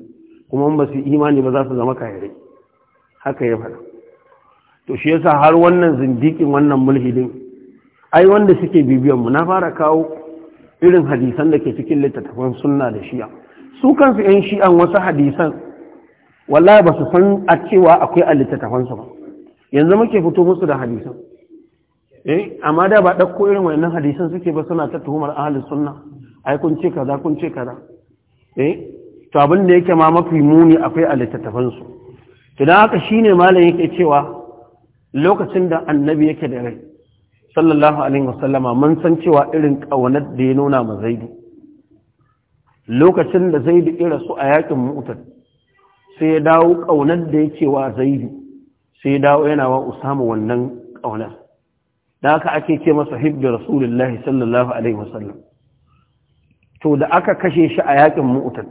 A: kuma ba su imani ba za su zama kayare haka ya faɗa to shi yasa har wannan zindikin wannan mulhidin ai wanda suke bibiyan mu na fara kawo irin hadisan da ke cikin littattafan sunna da shi'a su kansu ‘yan shi'an wasu hadisan wallah ba su san a cewa akwai a littattafansu ba yanzu muke fito musu da hadisan eh amma da ba ɗauko irin wannan hadisan suke ba suna ta tuhumar ahalin sunna ai kun ce kaza kun ce kaza eh to abin da yake ma mafi muni akwai a littattafansu to haka shine malam yake cewa lokacin da annabi yake da rai sallallahu alaihi wasallama mun san cewa irin ƙaunar da ya nuna ma zaidu lokacin da zai ira su a yakin mutan, sai ya dawo ƙaunar da ya yake wa yi sai ya dawo yana wa usama wannan ƙaunar da haka ake ce masa hibbi rasulullahi sallallahu alaihi wasallam to da aka kashe shi a yakin mutan,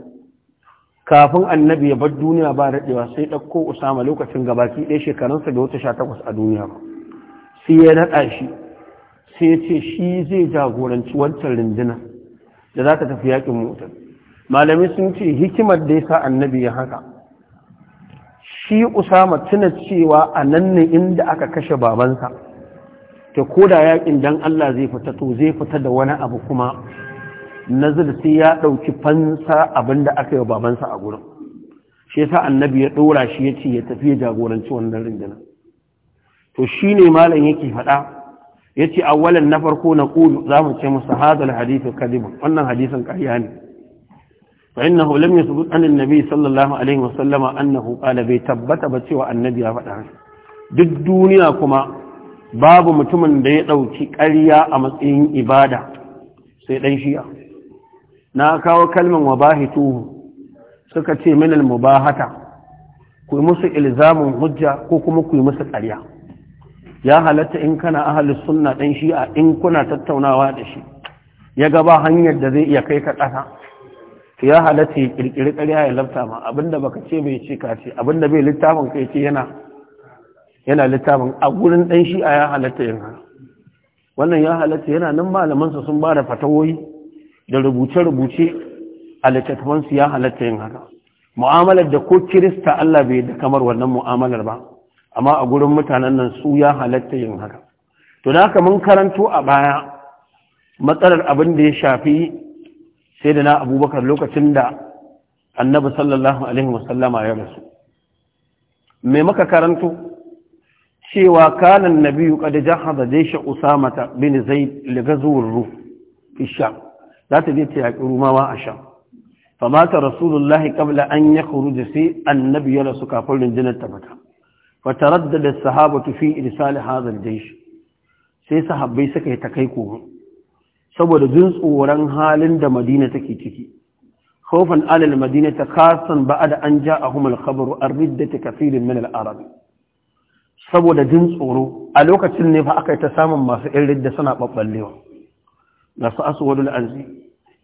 A: kafin annabi ya bar duniya ba daɗewa sai ɗauko usama lokacin gabaki ɗaya shekarunsa da wata sha takwas a duniya ba sai ya naɗa shi sai ya ce shi zai jagoranci wancan rundunar da za ta tafi yakin mutan. Malami sun ce hikimar da yasa annabi ya haka shi usama tuna cewa a nan ne inda aka kashe babansa ta koda yakin dan Allah zai fita to zai fita da wani abu kuma na sai ya ɗauki fansa abinda aka yi babansa a gurin shi yasa annabi ya ɗora shi ya ce ya tafi ya jagoranci wannan rundunar to shi ne malam yake faɗa yace awwalan na farko na za mu ce musu hadal hadithu kadibu, wannan hadisin ƙarya ne فإنه لم يثبت عن النبي صلى الله عليه وسلم أنه قال بيتبت بسوى النبي فدعا duk duniya kuma babu mutumin da ya ɗauki ƙarya a matsayin ibada sai ɗan shi'a na kawo kalmar wabahitu suka ce minal mubahata ku musu ilzamin hujja ko kuma ku musu ƙarya ya halatta in kana ahalus sunna ɗan shi'a in kuna tattaunawa da shi ya gaba hanyar da zai iya kai ka ƙasa ya halatta ya kirkiri ƙarya ya lafta ma abinda baka ce bai ce ka ce abinda bai littafin kai ce yana littafin a gurin ɗan shi'a ya halatta yin hana wannan ya halatta yana nan malamansa sun ba da fatawoyi da rubuce-rubuce a littattafansu ya halatta yin haka mu'amalar da ko kirista Allah bai da kamar wannan mu'amalar ba amma a gurin mutanen nan su ya halatta yin haka to da haka mun karanto a baya matsalar abin da ya shafi sai da na abubakar lokacin da annabi sallallahu alaihi wasallama ya rasu mai maka karanto cewa kanan nabiyu kada jahaza jaisha usamata bin zaid ligazuwar ru fi sham za ta je ta yaƙi rumawa a sham famata rasulullahi kabla an ya kuruji sai annabi ya rasu kafin rundunar ta fata fataraddada sahabatu fi irsali hazal jaish sai sahabbai suka yi ta kai kogo saboda jin tsoron halin da madina take ciki khawfan alal madinata khasan ba'da an ja'ahum humul khabar ar-riddati kafirin min al-arab saboda jin tsoro a lokacin ne fa aka ta samun masu irin ridda suna babballewa ga su aswadul anzi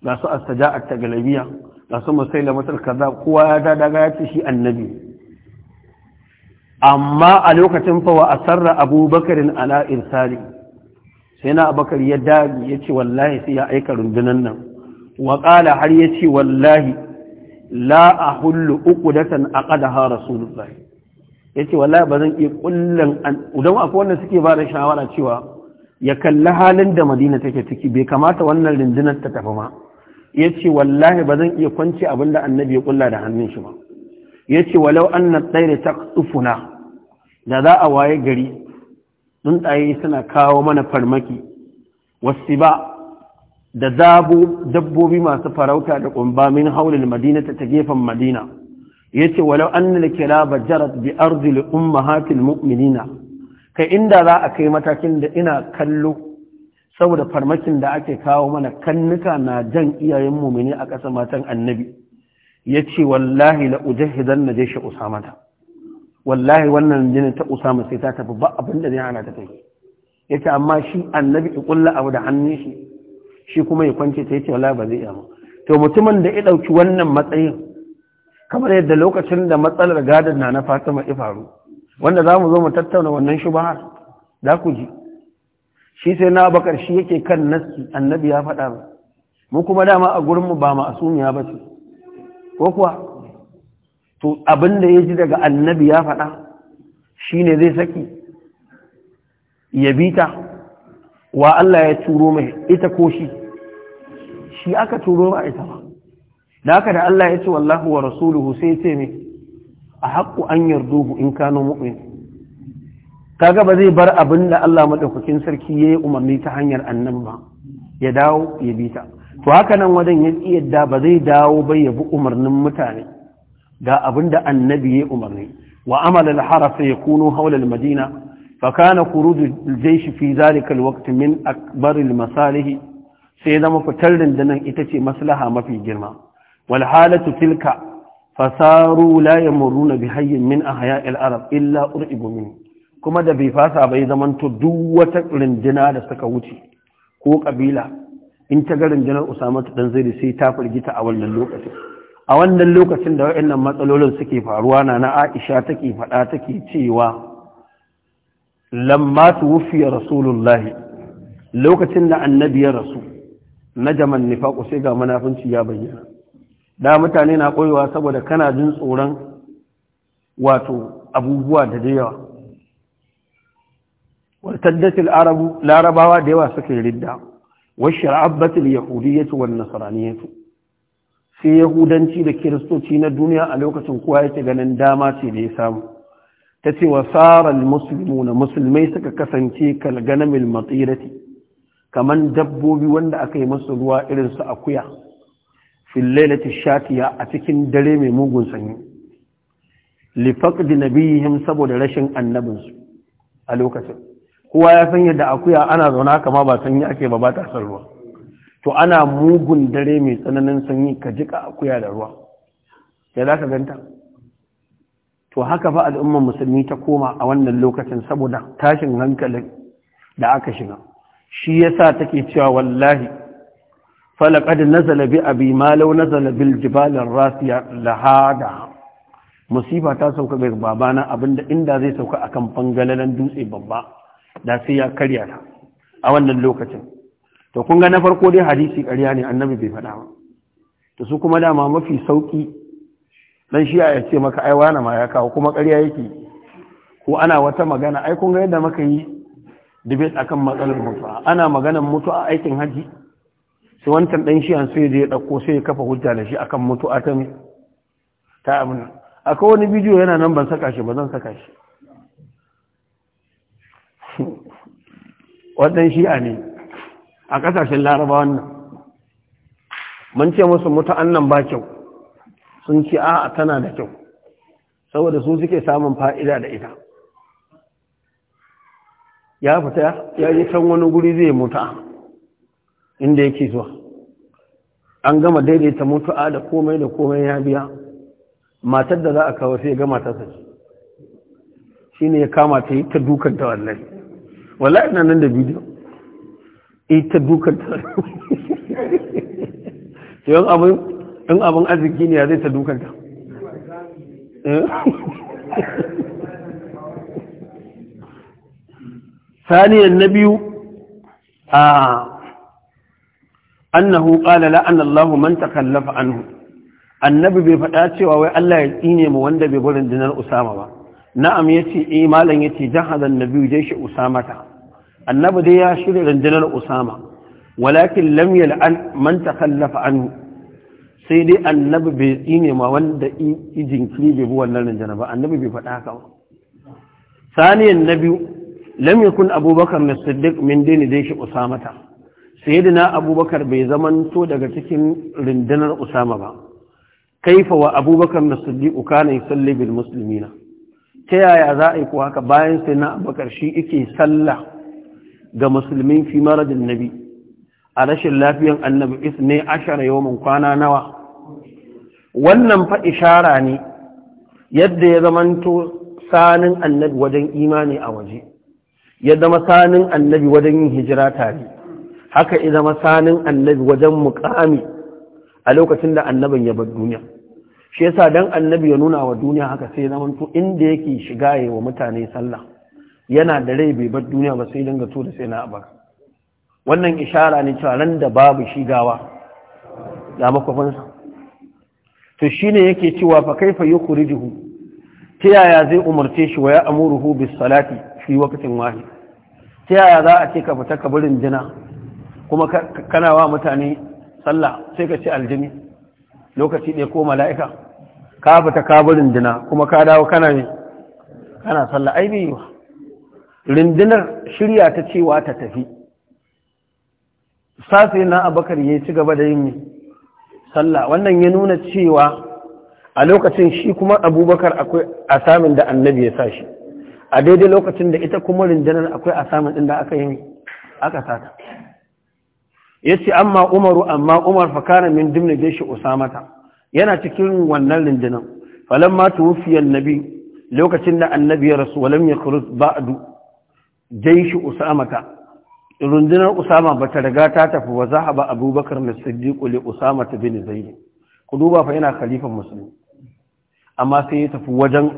A: ga su astaja'at tagalabiya ga su al kaza kowa ya dada ga ya ce shi annabi amma a lokacin fawa a sarra abubakarin ala irsali sai na abakar ya dagi ya ce wallahi sai ya aika rundunan nan waƙala har ya ce wallahi la a hullu uku datan a ƙadaha rasulullahi ya ce wallahi ba zan iya an. don akwai wanda suke ba da shawara cewa ya kalli halin da madina take ciki bai kamata wannan rundunar ta tafi ma ya ce wallahi ba zan iya kwanci abin da annabi ya ƙulla da hannun shi ba ya ce walau an na tsaye da ta da za a waye gari tsuntsaye suna kawo mana farmaki wasu ba da dabbobi masu farauta da ƙumba min haulil madina ta gefen madina ya ce walau an nilkila ba jarat bi umma ummahatil mu'minina kai inda za a kai matakin da ina kallo saboda farmakin da ake kawo mana kannuka na jan iyayen mumini a ƙasa matan annabi ya ce wallahi la ujahidan na je shi usamata wallahi wannan jinin ta usama sai ta tafi ba abin da zai hana ta kai yace amma shi annabi ya kulla abu da hannun shi shi kuma ya kwance ta yace wallahi ba zai iya to mutumin da ya dauki wannan matsayin kamar yadda lokacin da matsalar gadon na na Fatima ya faru wanda zamu zo mu tattauna wannan shubahar za ku ji shi sai na bakar shi yake kan naski, annabi ya faɗa mu kuma dama a gurin mu ba asumiya ba ce ko kuwa to abin ya ji daga annabi ya faɗa shi ne zai saki ya bi wa Allah ya turo mai ita ko shi shi aka turo ba ita ba da haka da Allah ya ce wallahu wa rasuluhu sai ce mai a haƙƙu an yardubu in kano mu'min kaga ba zai bar abin da Allah maɗaukakin sarki ya yi umarni ta hanyar annan ba ya dawo ya bi to haka nan wajen ya yadda ba zai dawo bai ya bi umarnin mutane ga abin da annabi ya umarni wa amala al-harasa yakunu hawla al-madina fa kana khuruj al-jaysh fi dhalika al-waqt min akbar al-masalih sai zama fitar rundunar ita ce maslaha mafi girma wal halatu tilka fasaru la yamuruna bi hayyin min ahya' al-arab illa uribu min kuma da bai fasa bai zaman to duk wata runduna da suka wuce ko kabila in ta ga rundunar Usama ta dan zai sai ta firgita a wannan lokacin a wannan lokacin da waɗannan matsalolin suke faruwa na na aisha take faɗa take cewa lamma tuwfiya rasulullahi lokacin da annabi ya rasu na najaman nifaqu sai ga munafinci ya bayyana da mutane na koyewa saboda kana jin tsoron wato abubuwa da yawa taddatil arabu larabawa da yawa suka yi ridda washar yahudiyyatu wan nasraniyatu sai yahudanci da kiristoci na duniya a lokacin kowa yake ganin dama ce da ya samu ta ce wa tsarar na musulmai suka kasance kalganamil matsirati kamar dabbobi wanda aka yi masu ruwa irinsu akuya na shatiya a cikin dare mai mugun sanyi lifaqdi nabiyihim saboda rashin annabinsu a lokacin kowa ya san yadda akuya ana zauna kama ba sanyi ake ba ba ta san ruwa to ana mugun dare mai tsananin sanyi ka jika akuya da ruwa ya za ka ganta to haka fa al'ummar musulmi ta koma a wannan lokacin saboda tashin hankalin da aka shiga shi yasa take cewa wallahi falaqad nazala bi abi malau nazala bil jibal rasiya lahada Musifa ta sauka ga babana abinda inda zai sauka akan fangalalan dutse babba da sai ya karya ta a wannan lokacin to kun ga na farko dai hadisi ƙarya ne annabi bai faɗa ba to su kuma dama mafi sauƙi dan shi ya ce maka ai wani ma ya kawo kuma ƙarya yake ko ana wata magana ai kun ga yadda muka yi debate akan matsalar mutuwa ana maganar mutuwa aikin haji sai wancan dan shi sai je ya dauko sai ya kafa hujja da shi akan mutuwa ta ta amina, akwai wani bidiyo yana nan ban saka shi ba zan saka shi wannan shi'a ne a ƙasashen laraba wannan mun ce musu mutu'an nan ba kyau sun ce a'a tana da kyau saboda su suke samun fa'ida da ita ya fita ya yi can wani guri zai mutu'a inda yake zuwa an gama daidaita mutu'a da komai da komai ya biya matar da za a kawo sai gama ta sace shi ne ya kama ta yi ta dukanta wallahi wallahi ina nan da bidiyo ita dukar ta in abin arziki ne ya zai ta dukar ta eh? saniyan na biyu a annahu kala la'anallahu man takallafa anhu annabi bai faɗa cewa wai Allah ya tsine mu wanda bai gurin dinar usama ba na'am yace e eh, malam yace jahadan nabiyu jaishi usama ta annabi dai ya shirya rundunar usama walakin lam yal'an man takhallafa anhu sai dai annabi bai tsine ma wanda i jinkiri bai bi wannan rundunar ba annabi bai faɗa haka ba saniyan na biyu lam yakun abubakar na siddiq min dini dai shi usamata sayyidina abubakar bai zamanto daga cikin rundunar usama ba kaifa wa abubakar na siddiq kana yusalli bil muslimina ta yaya za a yi ko haka bayan sai na abubakar shi yake sallah ga musulmi fi maradin nabi a rashin lafiyan annabi isne ashara yawon kwana nawa wannan fa ishara ne yadda ya zamanto sanin annabi wajen imani a waje ya zama sanin annabi wajen yin hijira tare haka ya zama sanin annabi wajen mukami a lokacin da annabin ya bar duniya shi yasa dan annabi ya nuna wa duniya haka sai zamanto inda yake shiga yayi wa mutane sallah yana da rai bai bar duniya ba sai dinga to da sai na abaka wannan ishara ne cewa ran da babu shigawa ga makwafinsa to shine yake cewa fa kaifa yukhrijuhu ta yaya zai umarce shi wa ya amuruhu bis salati fi waqtin wahid ta yaya za a ce ka fita kabarin jina kuma kana wa mutane sallah sai ka ci aljini lokaci ɗaya ko mala'ika ka fita kabarin jina kuma ka dawo kana ne kana sallah ai bai rundunar shirya ta cewa ta tafi safe na abakar ya ci gaba da yin sallah wannan ya nuna cewa a lokacin shi kuma abubakar akwai asamin da annabi ya sa shi a daidai lokacin da ita kuma rundunar akwai asamin ɗin da aka yi aka sata ya ce amma umaru amma umar fakana min dimna Usa usamata yana cikin wannan rundunar falamma tuwufiyar nabi lokacin da annabi ya rasu walam ya kurus ba'du Usama usamata rundunar usama ba ta riga ta tafi wa ba abubakar na le Usama ta bin zaid ku duba fa yana khalifan musulmi amma sai ya tafi wajen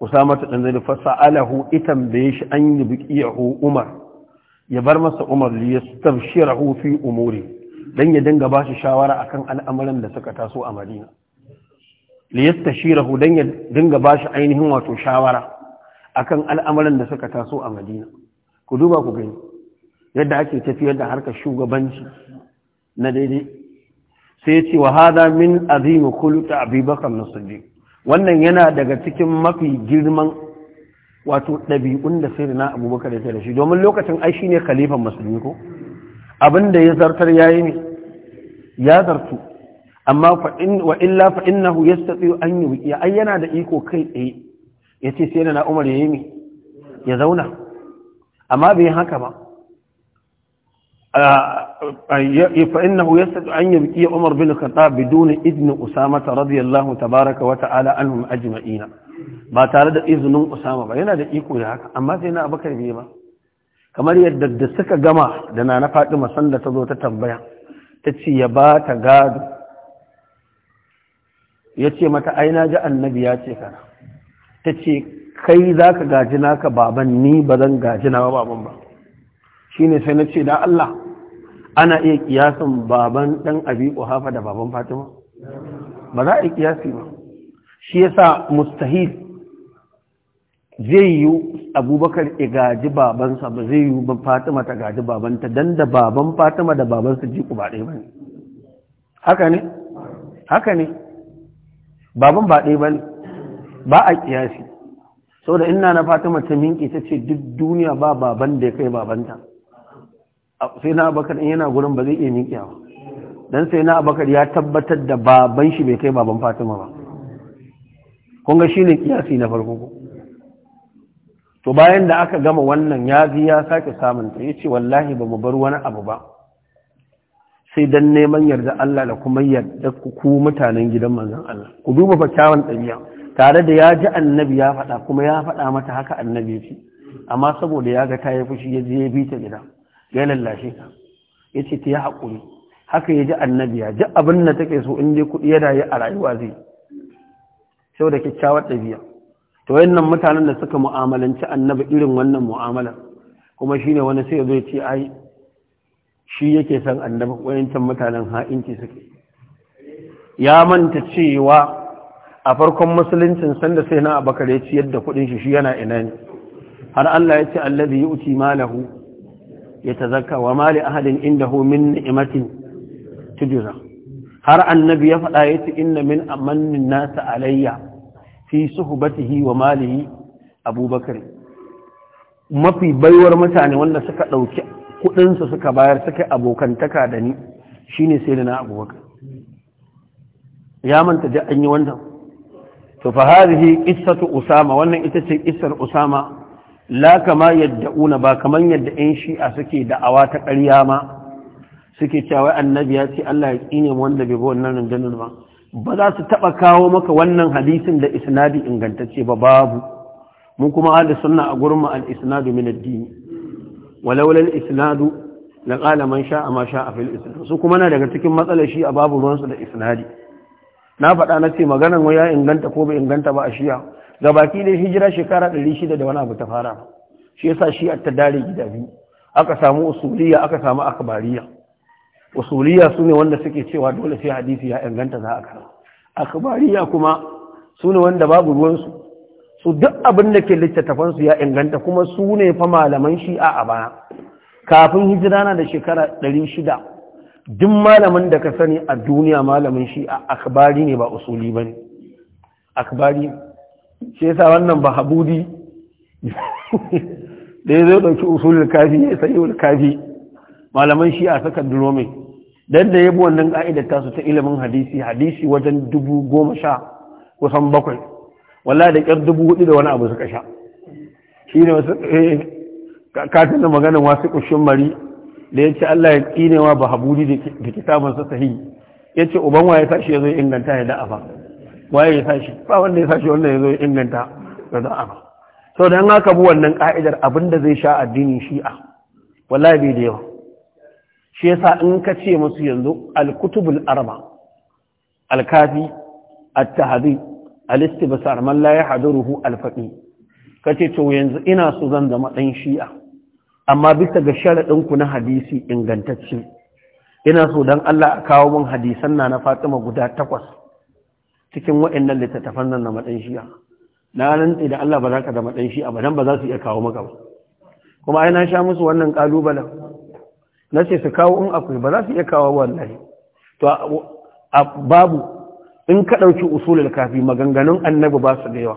A: Usama ta ɗanzari fasa alahu itan ya shi an yi a umar ya bar masa umar li yastabshirahu fi umuri dan ya dinga ba shi shawara akan al'amuran da suka taso a madina li yastashirahu dan ya dinga ba shi ainihin wato shawara akan al'amuran da suka taso a madina ku duba ku gani yadda ake tafiyar da harkar shugabanci na daidai sai ce wa hada min azimi kuluta abubakar na wannan yana daga cikin mafi girman wato ɗabi'un da sai na abubakar ya da shi domin lokacin ai shi ne khalifan musulmi ko abin da ya zartar ya ne ya zartu amma wa illa fa innahu yastati an yi ai yana da iko kai tsaye ya ce sai na umar ya yi ya zauna amma bai haka ba فإنه يسد أن يبكي عمر بن الخطاب بدون إذن أسامة رضي الله تبارك وتعالى عنهم أجمعين ba tare da izinin Usama ba yana da iko ya haka amma sai na Abubakar bai ba kamar yadda da suka gama da na na Fatima sanda ta zo ta tambaya ta ya ba ta gado ya ce mata aina ji annabi ya ce kana ta ce kai za ka gaji naka baban ni ba zan gaji na baban ba shi ne sai na ce da Allah ana iya kiyasan baban ɗan abi hafa da baban fatima ba za a iya kiyasi ba shi yasa mustahil zai yi abubakar ya gaji babansa ba zai yi fatima ta gaji babanta don da baban fatima da babansa ji ku ba ɗaya ba ne haka ne haka ne baban ba ɗaya ba ne ba a kiyasi Sau da ina na fatima ta minki ta ce duk duniya ba baban da ya kai babanta sai na abakar in yana gurin ba zai iya minki ba don sai na abakar ya tabbatar da baban shi bai kai baban fatima ba Kunga shirin ne kiyasi na farko to bayan da aka gama wannan ya zi ya sake samun ta yace wallahi ba mu bar wani abu ba sai dan neman yarda Allah da kuma yarda ku mutanen gidan manzon Allah ku duba fakyawan kyawun ɗabi'a tare da ya ji annabi ya faɗa kuma ya faɗa mata haka annabi ce amma saboda ya ga ta yi fushi ya je bi ta gida ya lallashe ta ya ce ta yi haƙuri haka ya ji annabi ya ji abin da take so in dai kuɗi yana yi a rayuwa zai sau da kyakkyawar ɗabi'a to wannan mutanen da suka mu'amalanci annabi irin wannan mu'amala kuma shine wani sai ya zo ya ce ai shi yake son annabi wayancan mutanen ha'inci suke ya manta cewa a farkon musuluncin sanda sai na abakar ya ciyar da kudin shi shi yana ina ne har Allah ya ce allazi yuti malahu yatazakka wa mali ahadin indahu min ni'matin tujza har annabi ya faɗa ya yace inna min amannin nasa alayya fi suhbatihi wa malihi abubakar mafi baiwar mutane wanda suka ɗauki kuɗinsu suka bayar suka abokantaka da ni shine sai da na abubakar ya manta da an yi wannan to fa hadhihi qissatu usama wannan ita ce qissar usama la kama yad'una ba kaman yadda ɗan shi'a suke da'awa ta ƙarya ma suke cewa annabi ya ce Allah ya kine wanda bai bi wannan rundunar ba ba za su taɓa kawo maka wannan hadisin da isnadi ingantacce ba babu mun kuma ahli sunna a gurin mu al-isnadu min ad-din walau lal isnadu la qala man sha'a ma sha'a fil isnad su kuma na daga cikin matsalar shi a babu su da isnadi na faɗa na ce maganan ya inganta ko bai inganta ba a shiya ga baki ne hijira shekara ɗari shida da wani abu ta fara shi yasa shi a dare gida biyu aka samu usuliya aka samu akabariya usuliya su ne wanda suke cewa dole sai hadisi ya inganta za a kara akabariya kuma su ne wanda babu ruwansu su duk abin da ke littattafansu ya inganta kuma su ne fa malaman shi'a a baya kafin hijira na da shekara ɗari shida duk malamin da ka sani a duniya malamin shi a akbari ne ba usuli ba ne akbari shi yasa wannan ba habudi da ya zai ɗauki usulul kafi ya sayi ul kafi malaman shi a sakan durome dan da ya bi wannan ka'idar su ta ilimin hadisi hadisi wajen dubu goma sha kusan bakwai Wala da kyar dubu hudu da wani abu suka sha shi ne wasu eh, kafin da maganin wasu kushin mari da ya ce Allah ya wa ba haburi da kitabun sahi ya ce uban waye sashi ya zo inganta ya da'a ba. waye ya sashi ba wanda ya sashi wanda ya zo inganta ya da'a ba. sau da haka bu wannan ka'idar abin da zai sha addini shi'a wallahi bai da yawa shi yasa in ka ce masu yanzu alkutubul arba alkafi kafi at-tahdhib al-istibsar man la yahduruhu al-faqih kace to yanzu ina so zan zama ɗan shi'a amma bisa ga sharaɗinku na hadisi ingantacce ina so don Allah a kawo min hadisan na na Fatima guda takwas cikin waɗannan littattafan nan na maɗan shi'a na nan da Allah ba za ka da maɗan shi'a ba dan ba za su iya kawo maka ba kuma ai na sha musu wannan kalubalen na ce su kawo in akwai ba za su iya kawo wallahi to babu in ka ɗauki usulul kafi maganganun annabi ba su da yawa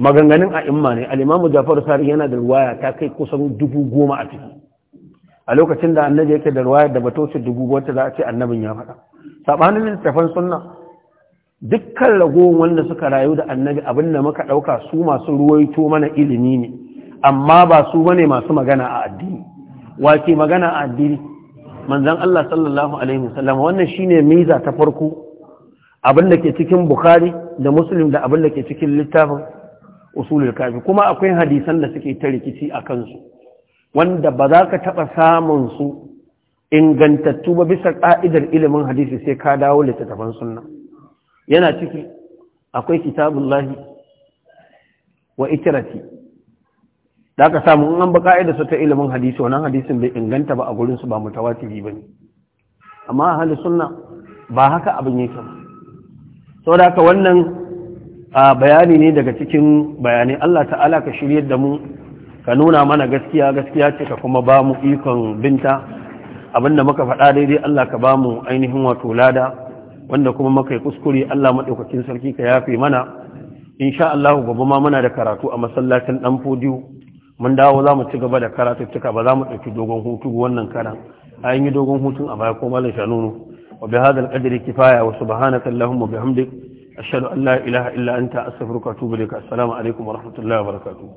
A: maganganun a imma ne alimamu Jafaru Ja'far Sari yana da ruwaya ta kai kusan dubu goma a ciki a lokacin da annabi yake da ruwaya da batoci dubu wata za a ce annabin ya faɗa sabanin littafan sunna dukkan ragowar wanda suka rayu da annabi abin da muka ɗauka su masu ruwaito mana ilimi ne amma ba su ba ne masu magana a addini wace magana a addini manzan Allah sallallahu alaihi wasallam wannan shine miza ta farko abin da ke cikin bukhari da muslim da abin da ke cikin littafin usulul kafi kuma akwai hadisan da suke ta rikici a kansu wanda ba za ka taɓa samun su ingantattu ba bisa ka'idar ilimin hadisi sai ka dawo littattafan sunna yana ciki akwai kitabullahi wa itirati da ka samu in an ba ƙa'idar su ta ilimin hadisi wannan hadisin bai inganta ba a gurin su ba mutawatiri ba ne amma ahli sunna ba haka abin yake ba saboda ka wannan a bayani ne daga cikin bayanai Allah ta'ala ka shirye da mu ka nuna mana gaskiya gaskiya ce ka kuma ba mu ikon binta abinda muka faɗa daidai Allah ka ba mu ainihin wato lada wanda kuma muka yi kuskure Allah maɗaukakin sarki ka yafe mana insha Allah gaba ma muna da karatu a masallacin dan fodiyo mun dawo za mu ci gaba da karatuttuka ba za mu ɗauki dogon hutu wannan karan an yi dogon hutun a baya ko malam shanunu wa bi hadal qadri kifaya wa subhanaka allahumma bihamdika ashhadu an ilaha illa anta astaghfiruka wa atubu ilaik assalamu alaikum wa rahmatullahi wa barakatuh